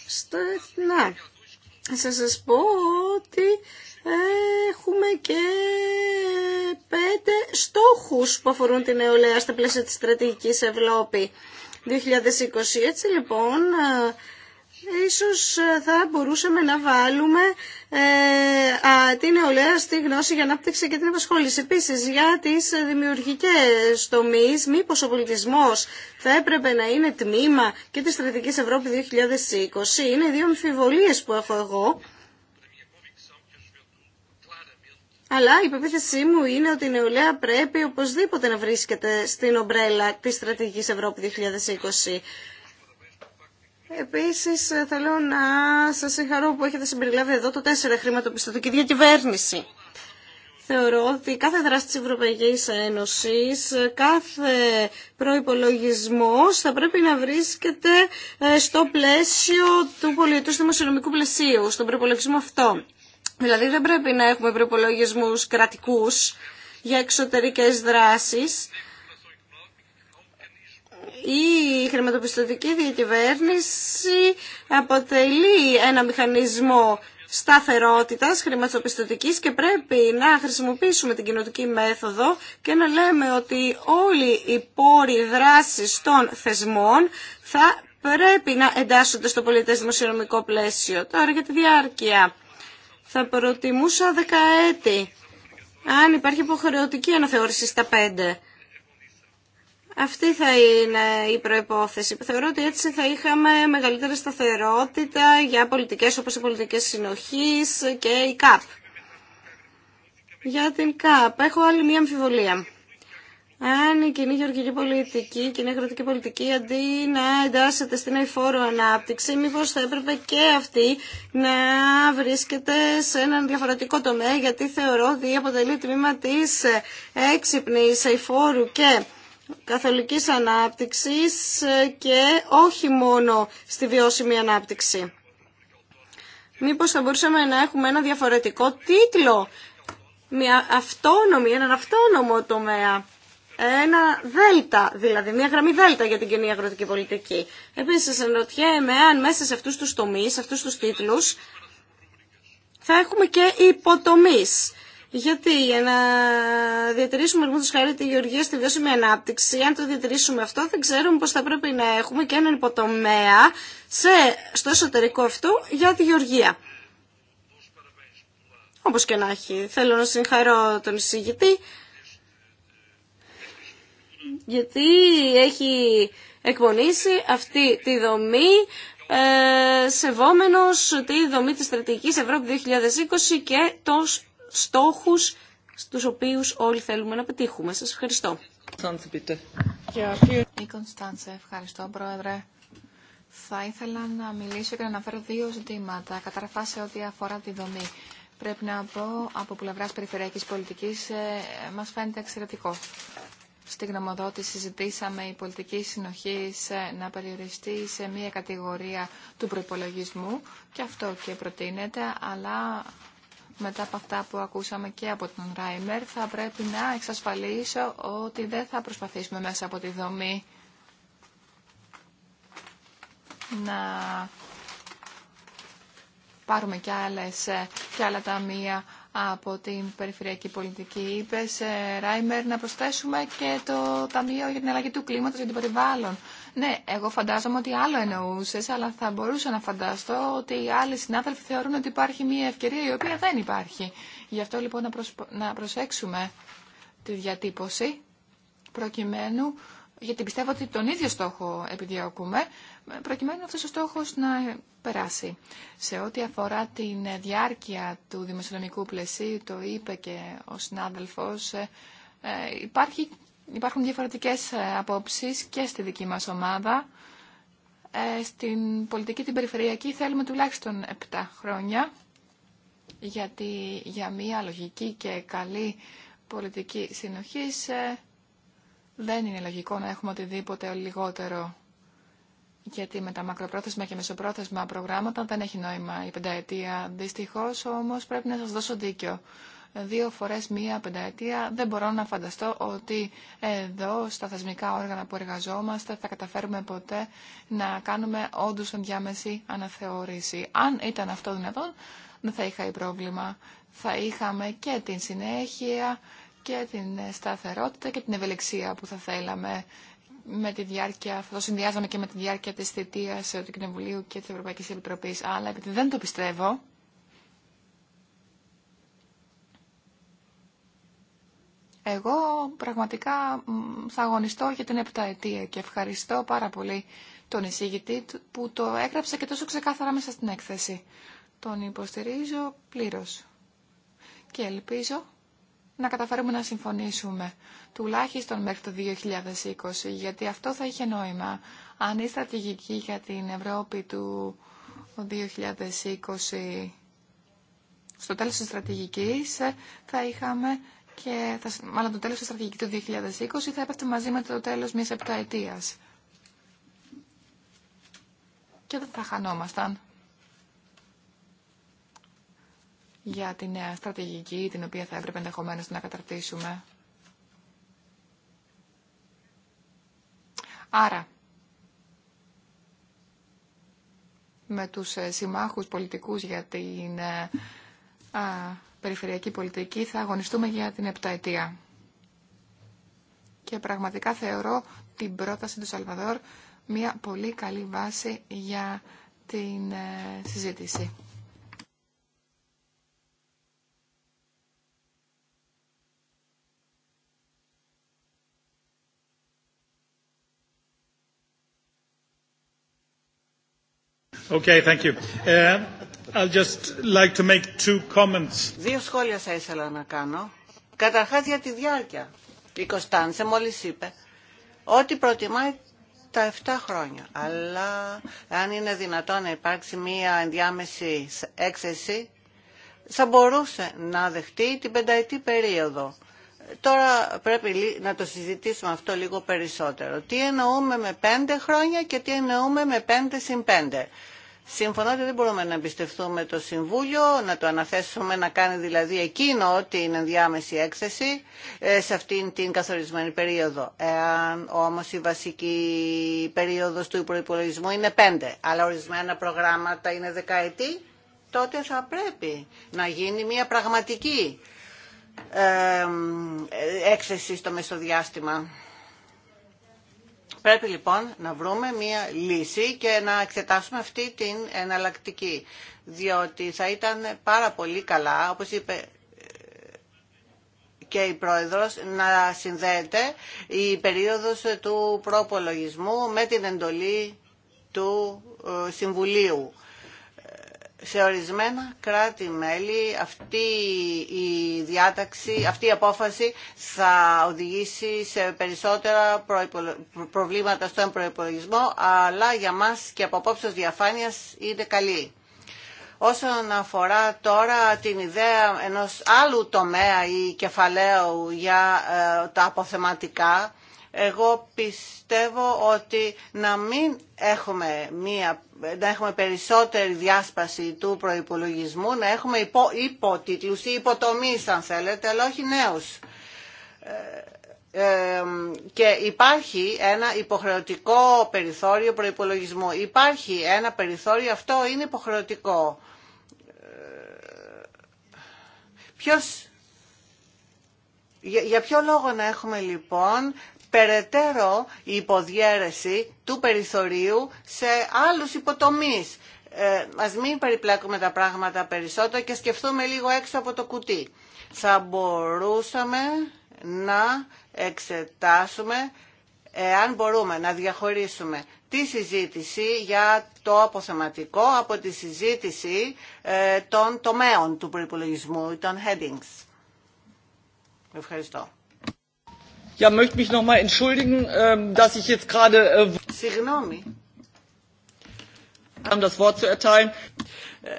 Στο, να, θα σας πω ότι έχουμε και πέντε στόχους που αφορούν την νεολαία στα πλαίσια της στρατηγικής Ευρώπη 2020. Έτσι λοιπόν Ίσως ε, θα μπορούσαμε να βάλουμε ε, α, την νεολαία στη γνώση για ανάπτυξη και την απασχόληση. Επίση, για τις δημιουργικές τομείς, μήπως ο πολιτισμός θα έπρεπε να είναι τμήμα και της Στρατηγικής Ευρώπη 2020. Είναι δύο αμφιβολίες που έχω εγώ. Αλλά η πεποίθησή μου είναι ότι η νεολαία πρέπει οπωσδήποτε να βρίσκεται στην ομπρέλα της Στρατηγικής Ευρώπη 2020. Επίσης ε, θέλω να σας συγχαρώ που έχετε συμπεριλάβει εδώ το 4 χρηματοπιστωτική διακυβέρνηση. Θεωρώ ότι κάθε δράση της Ευρωπαϊκής Ένωσης, ε, κάθε προϋπολογισμός θα πρέπει να βρίσκεται ε, στο πλαίσιο του πολιτού δημοσιονομικού πλαισίου, στον προϋπολογισμό αυτό. Δηλαδή δεν πρέπει να έχουμε προϋπολογισμούς κρατικούς για εξωτερικές δράσεις, η χρηματοπιστωτική διακυβέρνηση αποτελεί ένα μηχανισμό σταθερότητας χρηματοπιστωτικής και πρέπει να χρησιμοποιήσουμε την κοινωτική μέθοδο και να λέμε ότι όλοι οι πόροι δράσης των θεσμών θα πρέπει να εντάσσονται στο πολιτές δημοσιονομικό πλαίσιο. Τώρα για τη διάρκεια. Θα προτιμούσα δεκαέτη. Αν υπάρχει υποχρεωτική αναθεώρηση στα πέντε. Αυτή θα είναι η προπόθεση. Θεωρώ ότι έτσι θα είχαμε μεγαλύτερη σταθερότητα για πολιτικές όπως οι πολιτικέ συνοχής και η ΚΑΠ. Για την ΚΑΠ έχω άλλη μία αμφιβολία. Αν η κοινή γεωργική πολιτική, η κοινή αγροτική πολιτική, αντί να εντάσσεται στην αϊφόρου ανάπτυξη, μήπω θα έπρεπε και αυτή να βρίσκεται σε έναν διαφορετικό τομέα, γιατί θεωρώ ότι αποτελεί τμήμα τη ε, έξυπνη αηφόρου και καθολικής ανάπτυξης ε, και όχι μόνο στη βιώσιμη ανάπτυξη. Μήπως θα μπορούσαμε να έχουμε ένα διαφορετικό τίτλο, μια αυτόνομη, έναν αυτόνομο τομέα, ένα δέλτα, δηλαδή μια γραμμή δέλτα για την κοινή αγροτική πολιτική. Επίσης, ερωτιέμαι αν μέσα σε αυτούς τους τομείς, σε αυτούς τους τίτλους, θα έχουμε και υποτομείς. Γιατί για να διατηρήσουμε λίγο λοιπόν, χάρη τη γεωργία στη βιώσιμη ανάπτυξη, αν το διατηρήσουμε αυτό, δεν ξέρουμε πώ θα πρέπει να έχουμε και έναν υποτομέα σε, στο εσωτερικό αυτού για τη γεωργία. Όπως και να έχει. Θέλω να συγχαρώ τον εισηγητή, γιατί έχει εκπονήσει αυτή τη δομή ε, σεβόμενος τη δομή της στρατηγικής Ευρώπη 2020 και το στόχους στους οποίους όλοι θέλουμε να πετύχουμε. Σας ευχαριστώ. Η Κωνσταντσε, ευχαριστώ Πρόεδρε. Θα ήθελα να μιλήσω και να αναφέρω δύο ζητήματα. Καταρχά σε ό,τι αφορά τη δομή. Πρέπει να πω από πλευρά περιφερειακής πολιτικής ε, μας φαίνεται εξαιρετικό. Στη γνωμοδότηση ζητήσαμε η πολιτική συνοχή να περιοριστεί σε μία κατηγορία του προπολογισμού και αυτό και προτείνεται, αλλά μετά από αυτά που ακούσαμε και από τον Ράιμερ, θα πρέπει να εξασφαλίσω ότι δεν θα προσπαθήσουμε μέσα από τη δομή να πάρουμε κι, άλλες, κι άλλα ταμεία από την περιφερειακή πολιτική. Είπε, ε, Ράιμερ, να προσθέσουμε και το Ταμείο για την Αλλαγή του Κλίματος για το Περιβάλλον ναι, εγώ φαντάζομαι ότι άλλο εννοούσε, αλλά θα μπορούσα να φανταστώ ότι οι άλλοι συνάδελφοι θεωρούν ότι υπάρχει μια ευκαιρία η οποία δεν υπάρχει. Γι' αυτό λοιπόν να, να προσέξουμε τη διατύπωση προκειμένου, γιατί πιστεύω ότι τον ίδιο στόχο επιδιώκουμε, προκειμένου αυτός ο στόχος να περάσει. Σε ό,τι αφορά την διάρκεια του δημοσιονομικού πλαισίου, το είπε και ο συνάδελφος, ε, ε, υπάρχει υπάρχουν διαφορετικές ε, απόψεις και στη δική μας ομάδα. Ε, στην πολιτική την περιφερειακή θέλουμε τουλάχιστον 7 χρόνια, γιατί για μια λογική και καλή πολιτική συνοχής ε, δεν είναι λογικό να έχουμε οτιδήποτε λιγότερο γιατί με τα μακροπρόθεσμα και μεσοπρόθεσμα προγράμματα δεν έχει νόημα η πενταετία. Δυστυχώς όμως πρέπει να σας δώσω δίκιο δύο φορές μία πενταετία. Δεν μπορώ να φανταστώ ότι εδώ στα θεσμικά όργανα που εργαζόμαστε θα καταφέρουμε ποτέ να κάνουμε όντω ενδιάμεση αναθεώρηση. Αν ήταν αυτό δυνατόν δεν θα είχα πρόβλημα. Θα είχαμε και την συνέχεια και την σταθερότητα και την ευελιξία που θα θέλαμε με τη διάρκεια, θα το συνδυάζαμε και με τη διάρκεια της θητείας του Κοινοβουλίου και της Ευρωπαϊκής Επιτροπής, αλλά επειδή δεν το πιστεύω, Εγώ πραγματικά θα αγωνιστώ για την επταετία και ευχαριστώ πάρα πολύ τον εισηγητή που το έγραψε και τόσο ξεκάθαρα μέσα στην έκθεση. Τον υποστηρίζω πλήρως και ελπίζω να καταφέρουμε να συμφωνήσουμε τουλάχιστον μέχρι το 2020 γιατί αυτό θα είχε νόημα αν η στρατηγική για την Ευρώπη του 2020 στο τέλος της στρατηγικής θα είχαμε και θα, μάλλον το τέλος της στρατηγικής του 2020 θα έπεφτε μαζί με το τέλος μιας επταετίας. Και δεν θα χανόμασταν για τη νέα στρατηγική την οποία θα έπρεπε ενδεχομένω να καταρτήσουμε. Άρα, με τους ε, συμμάχους πολιτικούς για την ε, περιφερειακή πολιτική θα αγωνιστούμε για την επταετία. Και πραγματικά θεωρώ την πρόταση του Σαλβαδόρ μια πολύ καλή βάση για την ε, συζήτηση. Δύο σχόλια θα ήθελα να κάνω. Καταρχάς για τη διάρκεια. Η Κωνσταντζέ μόλις είπε ότι προτιμάει τα 7 χρόνια. Αλλά αν είναι δυνατόν να υπάρξει μία ενδιάμεση έκθεση, θα μπορούσε να δεχτεί την πενταετή περίοδο. Τώρα πρέπει να το συζητήσουμε αυτό λίγο περισσότερο. Τι εννοούμε με 5 χρόνια και τι εννοούμε με 5 συν 5. Συμφωνώ ότι δεν μπορούμε να εμπιστευτούμε το Συμβούλιο, να το αναθέσουμε να κάνει δηλαδή εκείνο την ενδιάμεση έκθεση ε, σε αυτήν την καθορισμένη περίοδο. Εάν όμως η βασική περίοδος του υπολογισμού είναι πέντε, αλλά ορισμένα προγράμματα είναι δεκαετή, τότε θα πρέπει να γίνει μια πραγματική ε, ε, έκθεση στο μεσοδιάστημα. Πρέπει λοιπόν να βρούμε μία λύση και να εξετάσουμε αυτή την εναλλακτική. Διότι θα ήταν πάρα πολύ καλά, όπως είπε ε, και η Πρόεδρος, να συνδέεται η περίοδος του προπολογισμού με την εντολή του ε, Συμβουλίου σε ορισμένα κράτη-μέλη αυτή η διάταξη, αυτή η απόφαση θα οδηγήσει σε περισσότερα προβλήματα στον προϋπολογισμό, αλλά για μας και από απόψεως διαφάνειας είναι καλή. Όσον αφορά τώρα την ιδέα ενός άλλου τομέα ή κεφαλαίου για ε, τα αποθεματικά, εγώ πιστεύω ότι να μην έχουμε, μία, να έχουμε περισσότερη διάσπαση του προϋπολογισμού, να έχουμε υπο, υποτίτλους ή υποτομείς αν θέλετε, αλλά όχι νέους. Ε, και υπάρχει ένα υποχρεωτικό περιθώριο προϋπολογισμού. Υπάρχει ένα περιθώριο, αυτό είναι υποχρεωτικό. Ε, ποιος, για, για ποιο λόγο να έχουμε λοιπόν περαιτέρω η υποδιέρεση του περιθωρίου σε άλλους υποτομείς. Ε, ας μην περιπλέκουμε τα πράγματα περισσότερο και σκεφτούμε λίγο έξω από το κουτί. Θα μπορούσαμε να εξετάσουμε, εάν μπορούμε, να διαχωρίσουμε τη συζήτηση για το αποθεματικό από τη συζήτηση ε, των τομέων του προϋπολογισμού, των headings. Ευχαριστώ. Ja, möchte mich noch mal entschuldigen, ähm, dass ich jetzt gerade äh, Συγγνώμη. das Wort zu erteilen. Ε,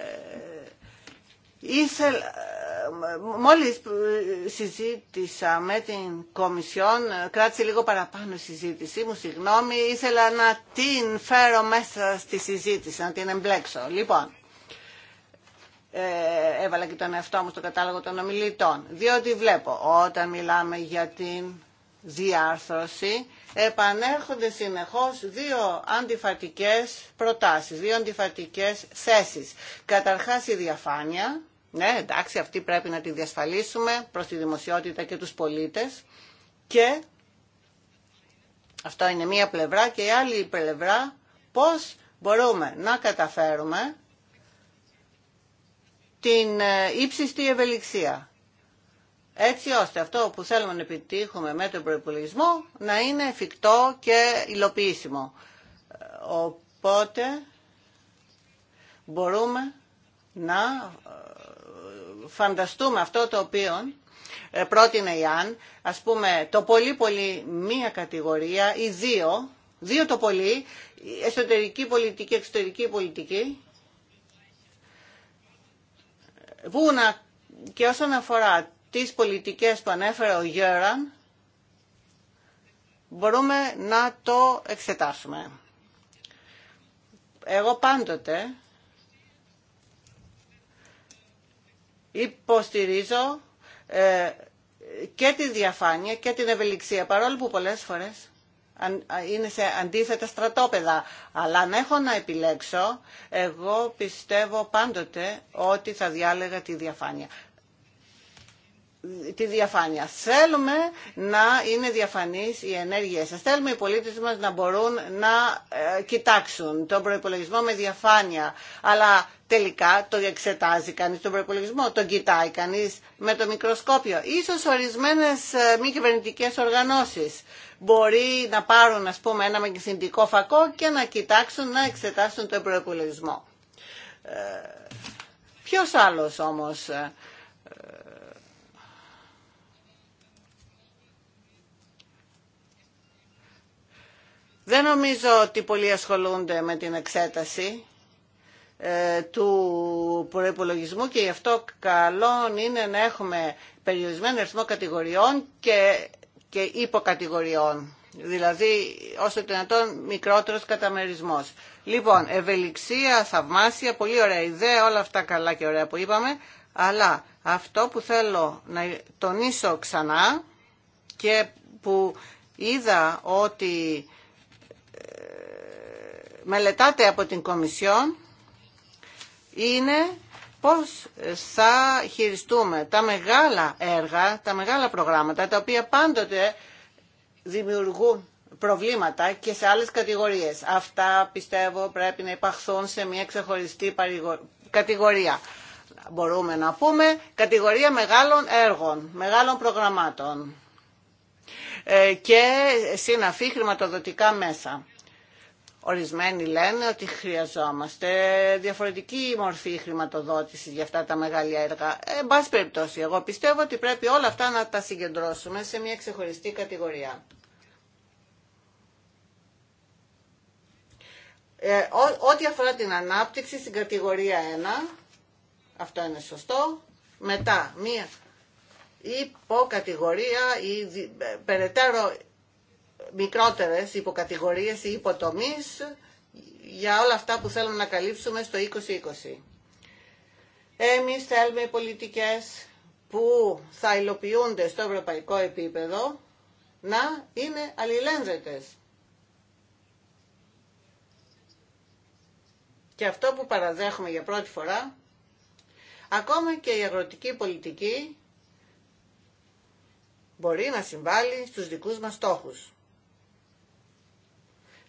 ε, μόλις ε, συζήτησα με την Κομισιόν, κράτησε λίγο παραπάνω η συζήτησή μου, συγγνώμη, ήθελα να την φέρω μέσα στη συζήτηση, να την εμπλέξω. Λοιπόν, ε, έβαλα και τον εαυτό μου στο κατάλογο των ομιλητών, διότι βλέπω όταν μιλάμε για την διάρθρωση επανέρχονται συνεχώς δύο αντιφατικές προτάσεις, δύο αντιφατικές θέσεις. Καταρχάς η διαφάνεια, ναι εντάξει αυτή πρέπει να τη διασφαλίσουμε προς τη δημοσιότητα και τους πολίτες και αυτό είναι μία πλευρά και η άλλη πλευρά πώς μπορούμε να καταφέρουμε την ε, ύψιστη ευελιξία έτσι ώστε αυτό που θέλουμε να επιτύχουμε με τον προπολογισμό να είναι εφικτό και υλοποιήσιμο. Οπότε μπορούμε να ε, φανταστούμε αυτό το οποίο ε, πρότεινε η Αν, ας πούμε το πολύ πολύ μία κατηγορία ή δύο, δύο το πολύ, εσωτερική πολιτική, εξωτερική πολιτική, που να, και όσον αφορά τις πολιτικές που ανέφερε ο Γιώραν μπορούμε να το εξετάσουμε. Εγώ πάντοτε υποστηρίζω ε, και τη διαφάνεια και την ευελιξία, παρόλο που πολλές φορές είναι σε αντίθετα στρατόπεδα. Αλλά αν έχω να επιλέξω, εγώ πιστεύω πάντοτε ότι θα διάλεγα τη διαφάνεια τη διαφάνεια. Θέλουμε να είναι διαφανείς οι ενέργειές σας. Θέλουμε οι πολίτες μας να μπορούν να ε, κοιτάξουν τον προϋπολογισμό με διαφάνεια. Αλλά τελικά το εξετάζει κανείς τον προϋπολογισμό, τον κοιτάει κανείς με το μικροσκόπιο. Ίσως ορισμένες ε, μη κυβερνητικέ οργανώσεις μπορεί να πάρουν ας πούμε, ένα μαγνητικό φακό και να κοιτάξουν, να εξετάσουν τον προϋπολογισμό. Ε, ποιος άλλος όμως Δεν νομίζω ότι πολλοί ασχολούνται με την εξέταση ε, του προϋπολογισμού και γι' αυτό καλό είναι να έχουμε περιορισμένο αριθμό κατηγοριών και, υποκατηγοριών. Δηλαδή, όσο το δυνατόν μικρότερος καταμερισμός. Λοιπόν, ευελιξία, θαυμάσια, πολύ ωραία ιδέα, όλα αυτά καλά και ωραία που είπαμε, αλλά αυτό που θέλω να τονίσω ξανά και που είδα ότι μελετάται από την Κομισιόν είναι πώς θα χειριστούμε τα μεγάλα έργα, τα μεγάλα προγράμματα, τα οποία πάντοτε δημιουργούν προβλήματα και σε άλλες κατηγορίες. Αυτά πιστεύω πρέπει να υπαχθούν σε μια ξεχωριστή κατηγορία. Μπορούμε να πούμε κατηγορία μεγάλων έργων, μεγάλων προγραμμάτων ε, και συναφή χρηματοδοτικά μέσα. Ορισμένοι λένε ότι χρειαζόμαστε διαφορετική μορφή χρηματοδότησης για αυτά τα μεγάλα έργα. Εν πάση περιπτώσει, εγώ πιστεύω ότι πρέπει όλα αυτά να τα συγκεντρώσουμε σε μια ξεχωριστή κατηγορία. Ε, ό,τι αφορά την ανάπτυξη στην κατηγορία 1, αυτό είναι σωστό, μετά μία υποκατηγορία ή ε, περαιτέρω μικρότερες υποκατηγορίες ή υποτομείς για όλα αυτά που θέλουμε να καλύψουμε στο 2020. Εμείς θέλουμε οι πολιτικές που θα υλοποιούνται στο ευρωπαϊκό επίπεδο να είναι αλληλένδετες. Και αυτό που παραδέχουμε για πρώτη φορά, ακόμα και η αγροτική πολιτική μπορεί να συμβάλλει στους δικούς μας στόχους.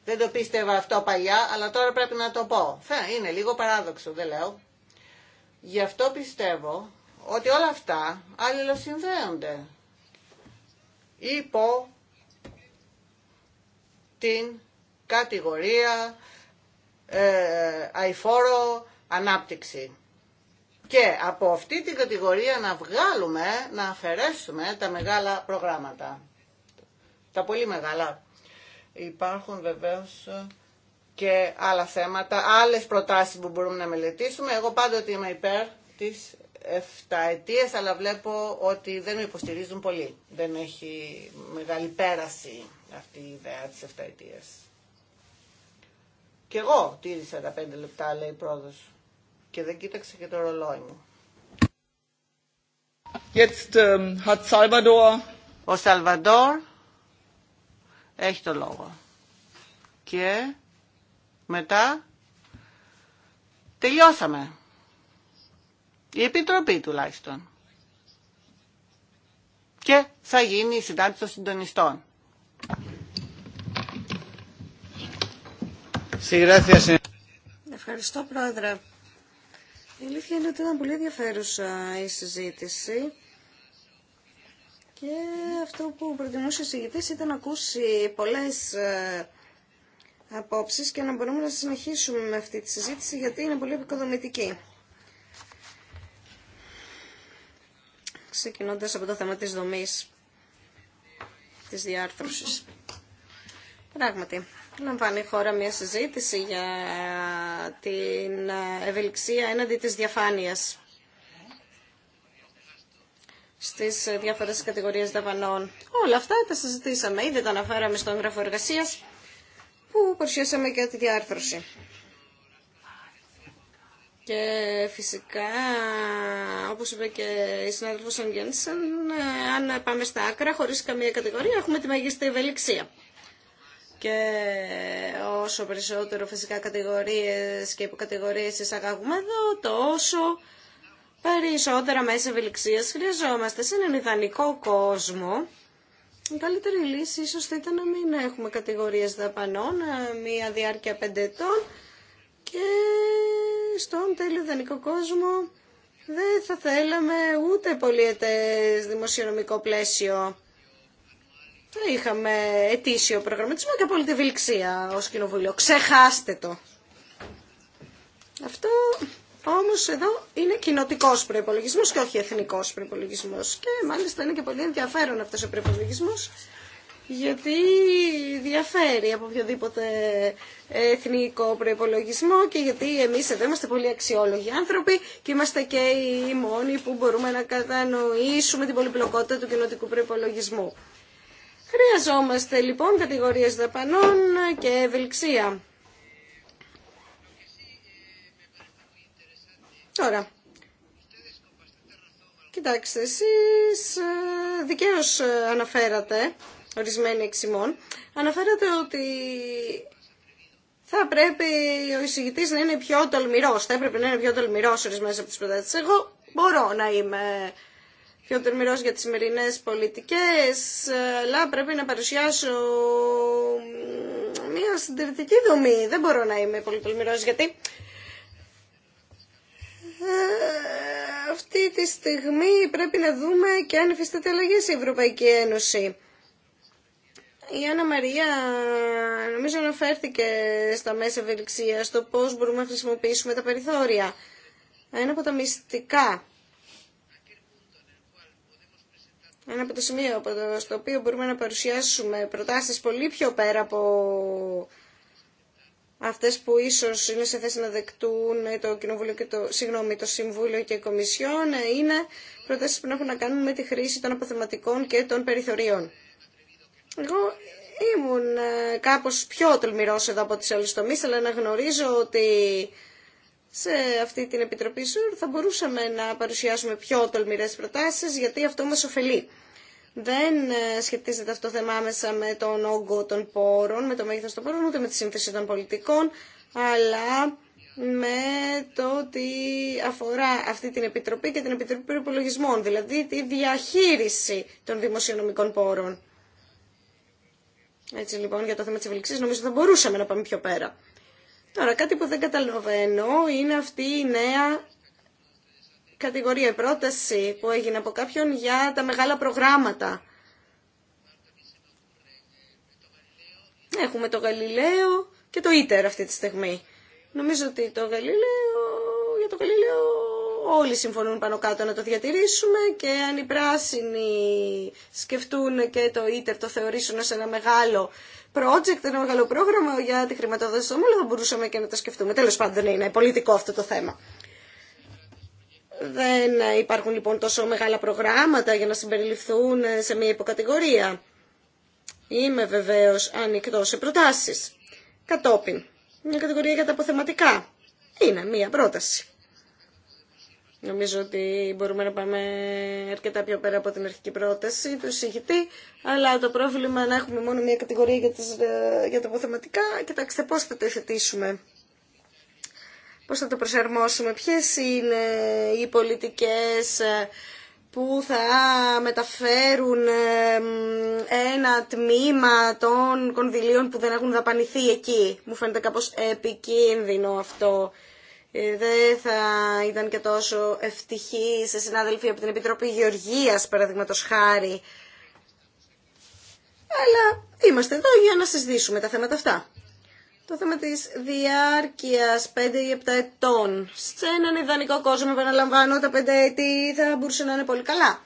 Δεν το πίστευα αυτό παλιά, αλλά τώρα πρέπει να το πω. Θα είναι λίγο παράδοξο, δεν λέω. Γι' αυτό πιστεύω ότι όλα αυτά αλληλοσυνδέονται υπό την κατηγορία ε, αηφόρο ανάπτυξη. Και από αυτή την κατηγορία να βγάλουμε, να αφαιρέσουμε τα μεγάλα προγράμματα. Τα πολύ μεγάλα Υπάρχουν βεβαίως και άλλα θέματα, άλλες προτάσεις που μπορούμε να μελετήσουμε. Εγώ πάντοτε είμαι υπέρ της 7 αλλά βλέπω ότι δεν με υποστηρίζουν πολύ. Δεν έχει μεγάλη πέραση αυτή η ιδέα της 7 Και εγώ τήρησα τα πέντε λεπτά, λέει η πρόεδρος. Και δεν κοίταξε και το ρολόι μου. Jetzt, ähm, hat Salvador... Ο Σαλβαντόρ έχει το λόγο. Και μετά τελειώσαμε. Η Επιτροπή τουλάχιστον. Και θα γίνει η συντάξη των συντονιστών. Ευχαριστώ Πρόεδρε. Η αλήθεια είναι ότι ήταν πολύ ενδιαφέρουσα η συζήτηση και αυτό που προτιμούσε ο συγητή ήταν να ακούσει πολλές ε, απόψεις και να μπορούμε να συνεχίσουμε με αυτή τη συζήτηση γιατί είναι πολύ επικοδομητική. Ξεκινώντας από το θέμα της δομής της διάρθρωσης. Πράγματι, λαμβάνει η χώρα μια συζήτηση για την ευελιξία έναντι της διαφάνειας Στι ε, διάφορε κατηγορίε δαπανών. Όλα αυτά τα συζητήσαμε, ήδη τα αναφέραμε στον γράφο εργασία που παρουσιάσαμε και τη διάρθρωση. Και φυσικά, όπως είπε και η συνάδελφος Σαν ε, αν πάμε στα άκρα, χωρίς καμία κατηγορία, έχουμε τη μεγίστη ευελιξία και όσο περισσότερο φυσικά κατηγορίες και υποκατηγορίες εισαγάγουμε εδώ, τόσο Περισσότερα μέσα ευελιξίας χρειαζόμαστε σε έναν ιδανικό κόσμο. Η καλύτερη λύση ίσως θα ήταν να μην έχουμε κατηγορίες δαπανών, ε, μία διάρκεια πέντε ετών και στον τέλειο ιδανικό κόσμο δεν θα θέλαμε ούτε πολιετές δημοσιονομικό πλαίσιο. Θα είχαμε ετήσιο προγραμματισμό και απόλυτη ευελιξία ως κοινοβούλιο. Ξεχάστε το. Αυτό Όμω εδώ είναι κοινοτικό προπολογισμό και όχι εθνικό προπολογισμό. Και μάλιστα είναι και πολύ ενδιαφέρον αυτό ο προπολογισμό γιατί διαφέρει από οποιοδήποτε εθνικό προπολογισμό και γιατί εμεί εδώ είμαστε πολύ αξιόλογοι άνθρωποι και είμαστε και οι μόνοι που μπορούμε να κατανοήσουμε την πολυπλοκότητα του κοινοτικού προπολογισμού. Χρειαζόμαστε λοιπόν κατηγορίες δαπανών και ευελιξία. Τώρα, κοιτάξτε, εσείς ε, δικαίως ε, αναφέρατε, ορισμένοι ημών, αναφέρατε ότι θα πρέπει ο εισηγητής να είναι πιο τολμηρός, θα έπρεπε να είναι πιο τολμηρός ορισμένες από τις προτάσεις. Εγώ μπορώ να είμαι πιο τολμηρός για τις σημερινέ πολιτικές, αλλά πρέπει να παρουσιάσω μια συντηρητική δομή. Δεν μπορώ να είμαι πολύ τολμηρός, γιατί ε, αυτή τη στιγμή πρέπει να δούμε και αν υφιστάται αλλαγέ η Ευρωπαϊκή Ένωση. Η Άννα Μαρία νομίζω αναφέρθηκε στα μέσα ευελιξία στο πώς μπορούμε να χρησιμοποιήσουμε τα περιθώρια. Ένα από τα μυστικά, ένα από τα σημεία στο οποίο μπορούμε να παρουσιάσουμε προτάσεις πολύ πιο πέρα από αυτές που ίσως είναι σε θέση να δεκτούν το, κοινοβούλιο και το, συγγνώμη, το Συμβούλιο και η Κομισιόν ε, είναι προτάσεις που έχουν να κάνουν με τη χρήση των αποθεματικών και των περιθωρίων. Εγώ ήμουν ε, κάπως πιο τολμηρός εδώ από τις άλλες τομείς, αλλά γνωρίζω ότι σε αυτή την Επιτροπή ΣΟΥΡ θα μπορούσαμε να παρουσιάσουμε πιο τολμηρές προτάσεις, γιατί αυτό μας ωφελεί δεν ε, σχετίζεται αυτό το θέμα άμεσα με τον όγκο των πόρων, με το μέγεθος των πόρων, ούτε με τη σύνθεση των πολιτικών, αλλά με το ότι αφορά αυτή την Επιτροπή και την Επιτροπή προπολογισμών, δηλαδή τη διαχείριση των δημοσιονομικών πόρων. Έτσι λοιπόν για το θέμα της ευελιξής νομίζω θα μπορούσαμε να πάμε πιο πέρα. Τώρα κάτι που δεν καταλαβαίνω είναι αυτή η νέα κατηγορία, η πρόταση που έγινε από κάποιον για τα μεγάλα προγράμματα. Έχουμε το Γαλιλαίο και το Ίτερ αυτή τη στιγμή. Νομίζω ότι το Γαλιλαίο, για το Γαλιλαίο όλοι συμφωνούν πάνω κάτω να το διατηρήσουμε και αν οι πράσινοι σκεφτούν και το Ίτερ το θεωρήσουν ως ένα μεγάλο project, ένα μεγάλο πρόγραμμα για τη χρηματοδότηση των θα μπορούσαμε και να το σκεφτούμε. Τέλος πάντων είναι πολιτικό αυτό το θέμα. Δεν υπάρχουν λοιπόν τόσο μεγάλα προγράμματα για να συμπεριληφθούν σε μια υποκατηγορία. Είμαι βεβαίως ανοιχτό σε προτάσεις. Κατόπιν, μια κατηγορία για τα αποθεματικά. Είναι μια πρόταση. Νομίζω ότι μπορούμε να πάμε αρκετά πιο πέρα από την αρχική πρόταση του εισηγητή, αλλά το πρόβλημα να έχουμε μόνο μια κατηγορία ε, για, τα αποθεματικά, κοιτάξτε πώ θα το πώς θα το προσαρμόσουμε, ποιες είναι οι πολιτικές ε, που θα μεταφέρουν ε, ένα τμήμα των κονδυλίων που δεν έχουν δαπανηθεί εκεί. Μου φαίνεται κάπως επικίνδυνο αυτό. Ε, δεν θα ήταν και τόσο ευτυχή σε συνάδελφοι από την Επιτροπή Γεωργίας, Παραδείγματο χάρη. Αλλά είμαστε εδώ για να συζητήσουμε τα θέματα αυτά το θέμα τη διάρκεια 5 ή 7 ετών. Σε έναν ιδανικό κόσμο, επαναλαμβάνω, τα 5 έτη θα μπορούσε να είναι πολύ καλά.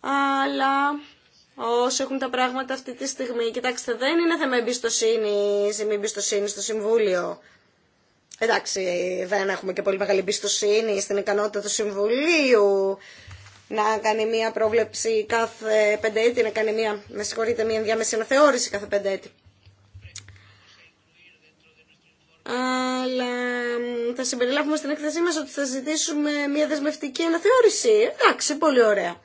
Αλλά όσοι έχουν τα πράγματα αυτή τη στιγμή, κοιτάξτε, δεν είναι θέμα εμπιστοσύνη ή μη εμπιστοσύνη στο Συμβούλιο. Εντάξει, δεν έχουμε και πολύ μεγάλη εμπιστοσύνη στην ικανότητα του Συμβουλίου να κάνει μία πρόβλεψη κάθε έτη, να κάνει μία, με συγχωρείτε, μία ενδιάμεση αναθεώρηση κάθε έτη αλλά θα συμπεριλάβουμε στην έκθεσή μας ότι θα ζητήσουμε μια δεσμευτική αναθεώρηση. Εντάξει, πολύ ωραία.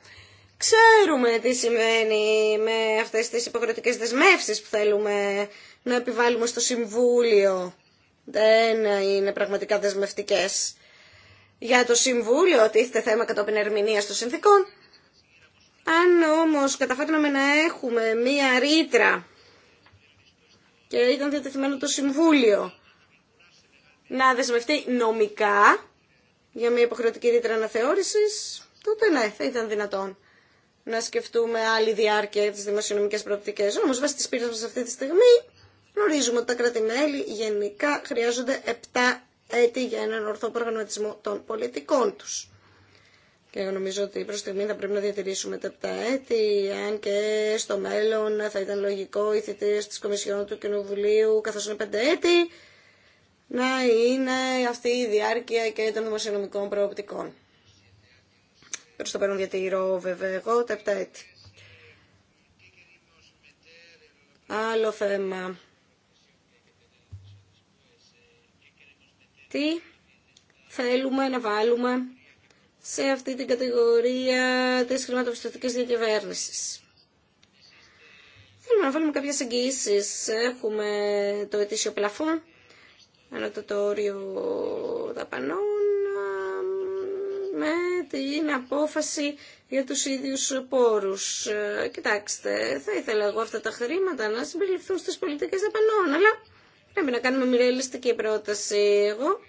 Ξέρουμε τι σημαίνει με αυτές τις υποχρεωτικές δεσμεύσεις που θέλουμε να επιβάλλουμε στο Συμβούλιο. Δεν είναι πραγματικά δεσμευτικές. Για το Συμβούλιο τίθεται θέμα κατόπιν ερμηνεία των συνθήκων. Αν όμως καταφέρναμε να έχουμε μία ρήτρα και ήταν διατεθειμένο το Συμβούλιο να δεσμευτεί νομικά για μια υποχρεωτική ρήτρα αναθεώρηση, τότε ναι, θα ήταν δυνατόν να σκεφτούμε άλλη διάρκεια για τι δημοσιονομικέ προοπτικέ. Όμω, βάσει τη πείρα μα αυτή τη στιγμή, γνωρίζουμε ότι τα κράτη-μέλη γενικά χρειάζονται 7 έτη για έναν ορθό προγραμματισμό των πολιτικών του. Και εγώ νομίζω ότι προ τη στιγμή θα πρέπει να διατηρήσουμε τα 7 έτη, αν και στο μέλλον θα ήταν λογικό οι θητείε τη Κομισιόν του Κοινοβουλίου, καθώ είναι 5 έτη, να είναι αυτή η διάρκεια και των δημοσιονομικών προοπτικών. Προς το παρόν διατηρώ βέβαια εγώ τα επτά έτη. Άλλο θέμα. Τι θέλουμε να βάλουμε σε αυτή την κατηγορία της χρηματοπιστωτικής διακυβέρνησης. Θέλουμε να βάλουμε κάποιες εγγυήσεις. Έχουμε το ετήσιο πλαφόν ένα το δαπανών με την απόφαση για τους ίδιους πόρους. Ε, κοιτάξτε, θα ήθελα εγώ αυτά τα χρήματα να συμπεριληφθούν στις πολιτικές δαπανών, αλλά πρέπει να κάνουμε μια ρεαλιστική πρόταση εγώ.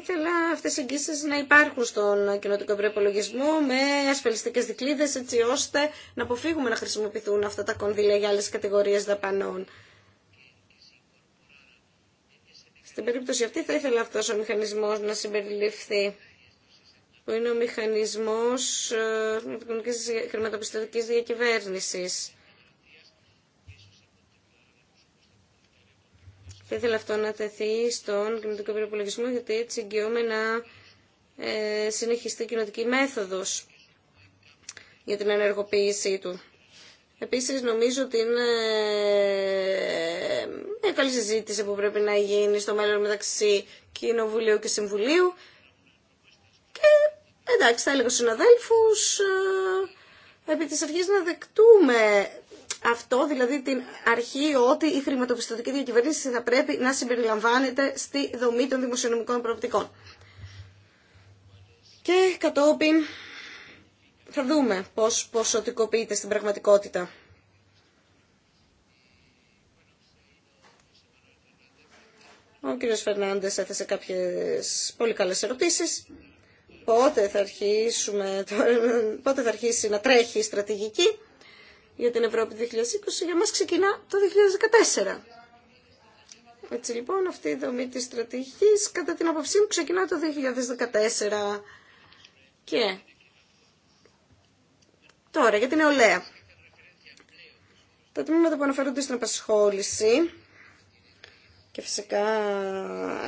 ήθελα αυτές οι εγγύσεις να υπάρχουν στον κοινοτικό προπολογισμό με ασφαλιστικές δικλίδες, έτσι ώστε να αποφύγουμε να χρησιμοποιηθούν αυτά τα κονδύλια για άλλες κατηγορίες δαπανών. Στην περίπτωση αυτή θα ήθελα αυτός ο μηχανισμός να συμπεριληφθεί που είναι ο μηχανισμός ε, χρηματοπιστωτική χρηματοπιστωτικής διακυβέρνησης. Θα ήθελα αυτό να τεθεί στον κοινωνικό προπολογισμό, γιατί έτσι εγγυώμαι να ε, συνεχιστεί η κοινωτική μέθοδος για την ενεργοποίησή του. Επίσης νομίζω ότι είναι ε, μια καλή συζήτηση που πρέπει να γίνει στο μέλλον μεταξύ Κοινοβουλίου και Συμβουλίου και εντάξει θα έλεγα στους συναδέλφους ε, επί της αρχής να δεκτούμε αυτό, δηλαδή την αρχή ότι η χρηματοπιστωτική διακυβέρνηση θα πρέπει να συμπεριλαμβάνεται στη δομή των δημοσιονομικών προοπτικών. Και κατόπιν θα δούμε πώς ποσοτικοποιείται στην πραγματικότητα. Ο κ. Φερνάντες έθεσε κάποιες πολύ καλές ερωτήσεις. Πότε θα, αρχίσουμε, πότε θα αρχίσει να τρέχει η στρατηγική για την Ευρώπη 2020 για μας ξεκινά το 2014. Έτσι λοιπόν αυτή η δομή της στρατηγικής κατά την απόψή μου ξεκινά το 2014 και τώρα για την νεολαία. Τα τμήματα που αναφέρονται στην απασχόληση και φυσικά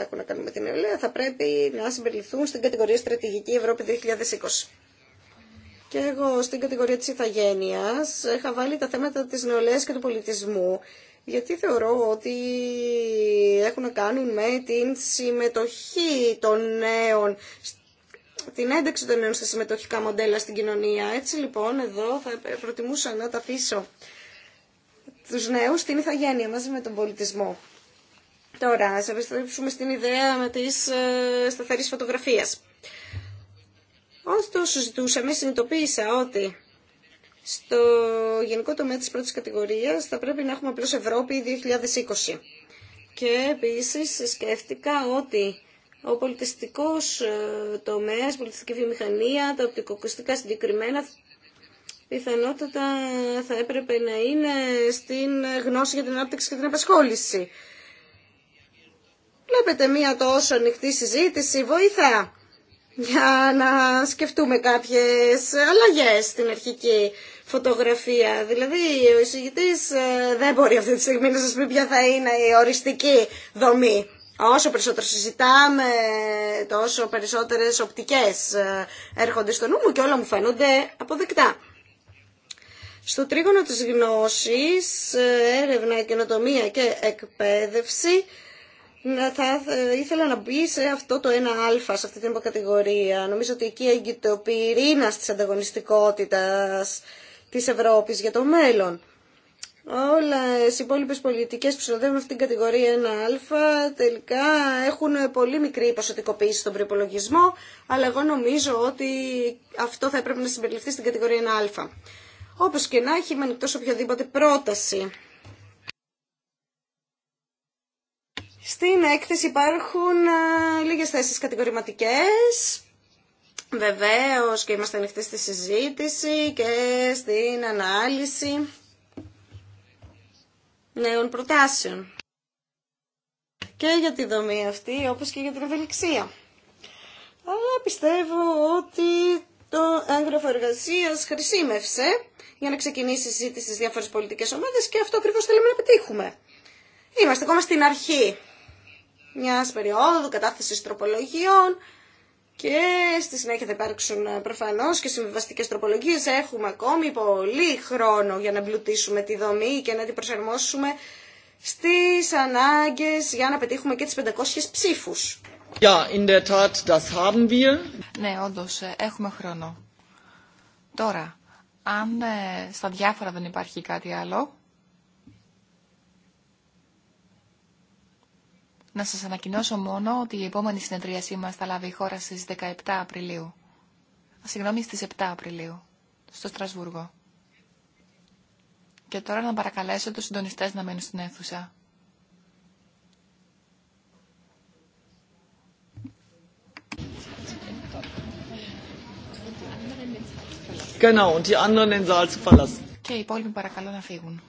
έχουν να κάνουν με την νεολαία θα πρέπει να συμπεριληφθούν στην κατηγορία στρατηγική Ευρώπη 2020. Και εγώ στην κατηγορία της ηθαγένειας είχα βάλει τα θέματα της νεολαίας και του πολιτισμού γιατί θεωρώ ότι έχουν να κάνουν με την συμμετοχή των νέων την ένταξη των νέων στα συμμετοχικά μοντέλα στην κοινωνία. Έτσι λοιπόν εδώ θα προτιμούσα να τα αφήσω τους νέους στην ηθαγένεια μαζί με τον πολιτισμό. Τώρα, ας επιστρέψουμε στην ιδέα με της ε, σταθερής φωτογραφίας. Ωστόσο ζητούσαμε, συνειδητοποίησα ότι στο γενικό τομέα της πρώτης κατηγορίας θα πρέπει να έχουμε απλώς Ευρώπη 2020. Και επίσης σκέφτηκα ότι ο πολιτιστικός ε, τομέας, πολιτιστική βιομηχανία, τα οπτικοκουστικά συγκεκριμένα, πιθανότατα θα έπρεπε να είναι στην γνώση για την ανάπτυξη και την απασχόληση. Βλέπετε μία τόσο ανοιχτή συζήτηση, βοήθεια για να σκεφτούμε κάποιες αλλαγές στην αρχική φωτογραφία. Δηλαδή ο εισηγητής ε, δεν μπορεί αυτή τη στιγμή να σας πει ποια θα είναι η οριστική δομή. Όσο περισσότερο συζητάμε, τόσο περισσότερες οπτικές ε, έρχονται στο νου μου και όλα μου φαίνονται αποδεκτά. Στο τρίγωνο της γνώσης, ε, έρευνα, καινοτομία και εκπαίδευση, θα ε, ήθελα να μπει σε αυτό το ένα α σε αυτή την υποκατηγορία. Νομίζω ότι εκεί έγκυται ο πυρήνα τη ανταγωνιστικότητα τη Ευρώπη για το μέλλον. Όλε οι υπόλοιπε πολιτικέ που συνοδεύουν αυτή την κατηγορία 1α τελικά έχουν πολύ μικρή ποσοτικοποίηση στον προπολογισμό, αλλά εγώ νομίζω ότι αυτό θα έπρεπε να συμπεριληφθεί στην κατηγορία 1α. Όπω και να έχει, είμαι ανοιχτό οποιαδήποτε πρόταση Στην έκθεση υπάρχουν λίγες θέσεις κατηγορηματικές. Βεβαίως και είμαστε ανοιχτοί στη συζήτηση και στην ανάλυση νέων προτάσεων. Και για τη δομή αυτή, όπως και για την ευελιξία. Αλλά πιστεύω ότι το έγγραφο εργασία χρησιμεύσε για να ξεκινήσει η συζήτηση στι διάφορε πολιτικέ ομάδε και αυτό ακριβώ θέλουμε να πετύχουμε. Είμαστε ακόμα στην αρχή μια περίοδου κατάθεση τροπολογιών και στη συνέχεια θα υπάρξουν ε, προφανώ και συμβιβαστικέ τροπολογίε. Έχουμε ακόμη πολύ χρόνο για να εμπλουτίσουμε τη δομή και να την προσαρμόσουμε στις ανάγκες για να πετύχουμε και τι 500 ψήφου. Ja, in der Tat, das haben wir. Ναι, όντω ε, έχουμε χρόνο. Τώρα, αν ε, στα διάφορα δεν υπάρχει κάτι άλλο, Να σας ανακοινώσω μόνο ότι η επόμενη συνεδρίασή μας θα λάβει η χώρα στις 17 Απριλίου. Συγγνώμη, στις 7 Απριλίου, στο Στρασβούργο. Και τώρα να παρακαλέσω τους συντονιστές να μένουν στην αίθουσα. und die anderen Saal zu verlassen. Και οι υπόλοιποι παρακαλώ να φύγουν.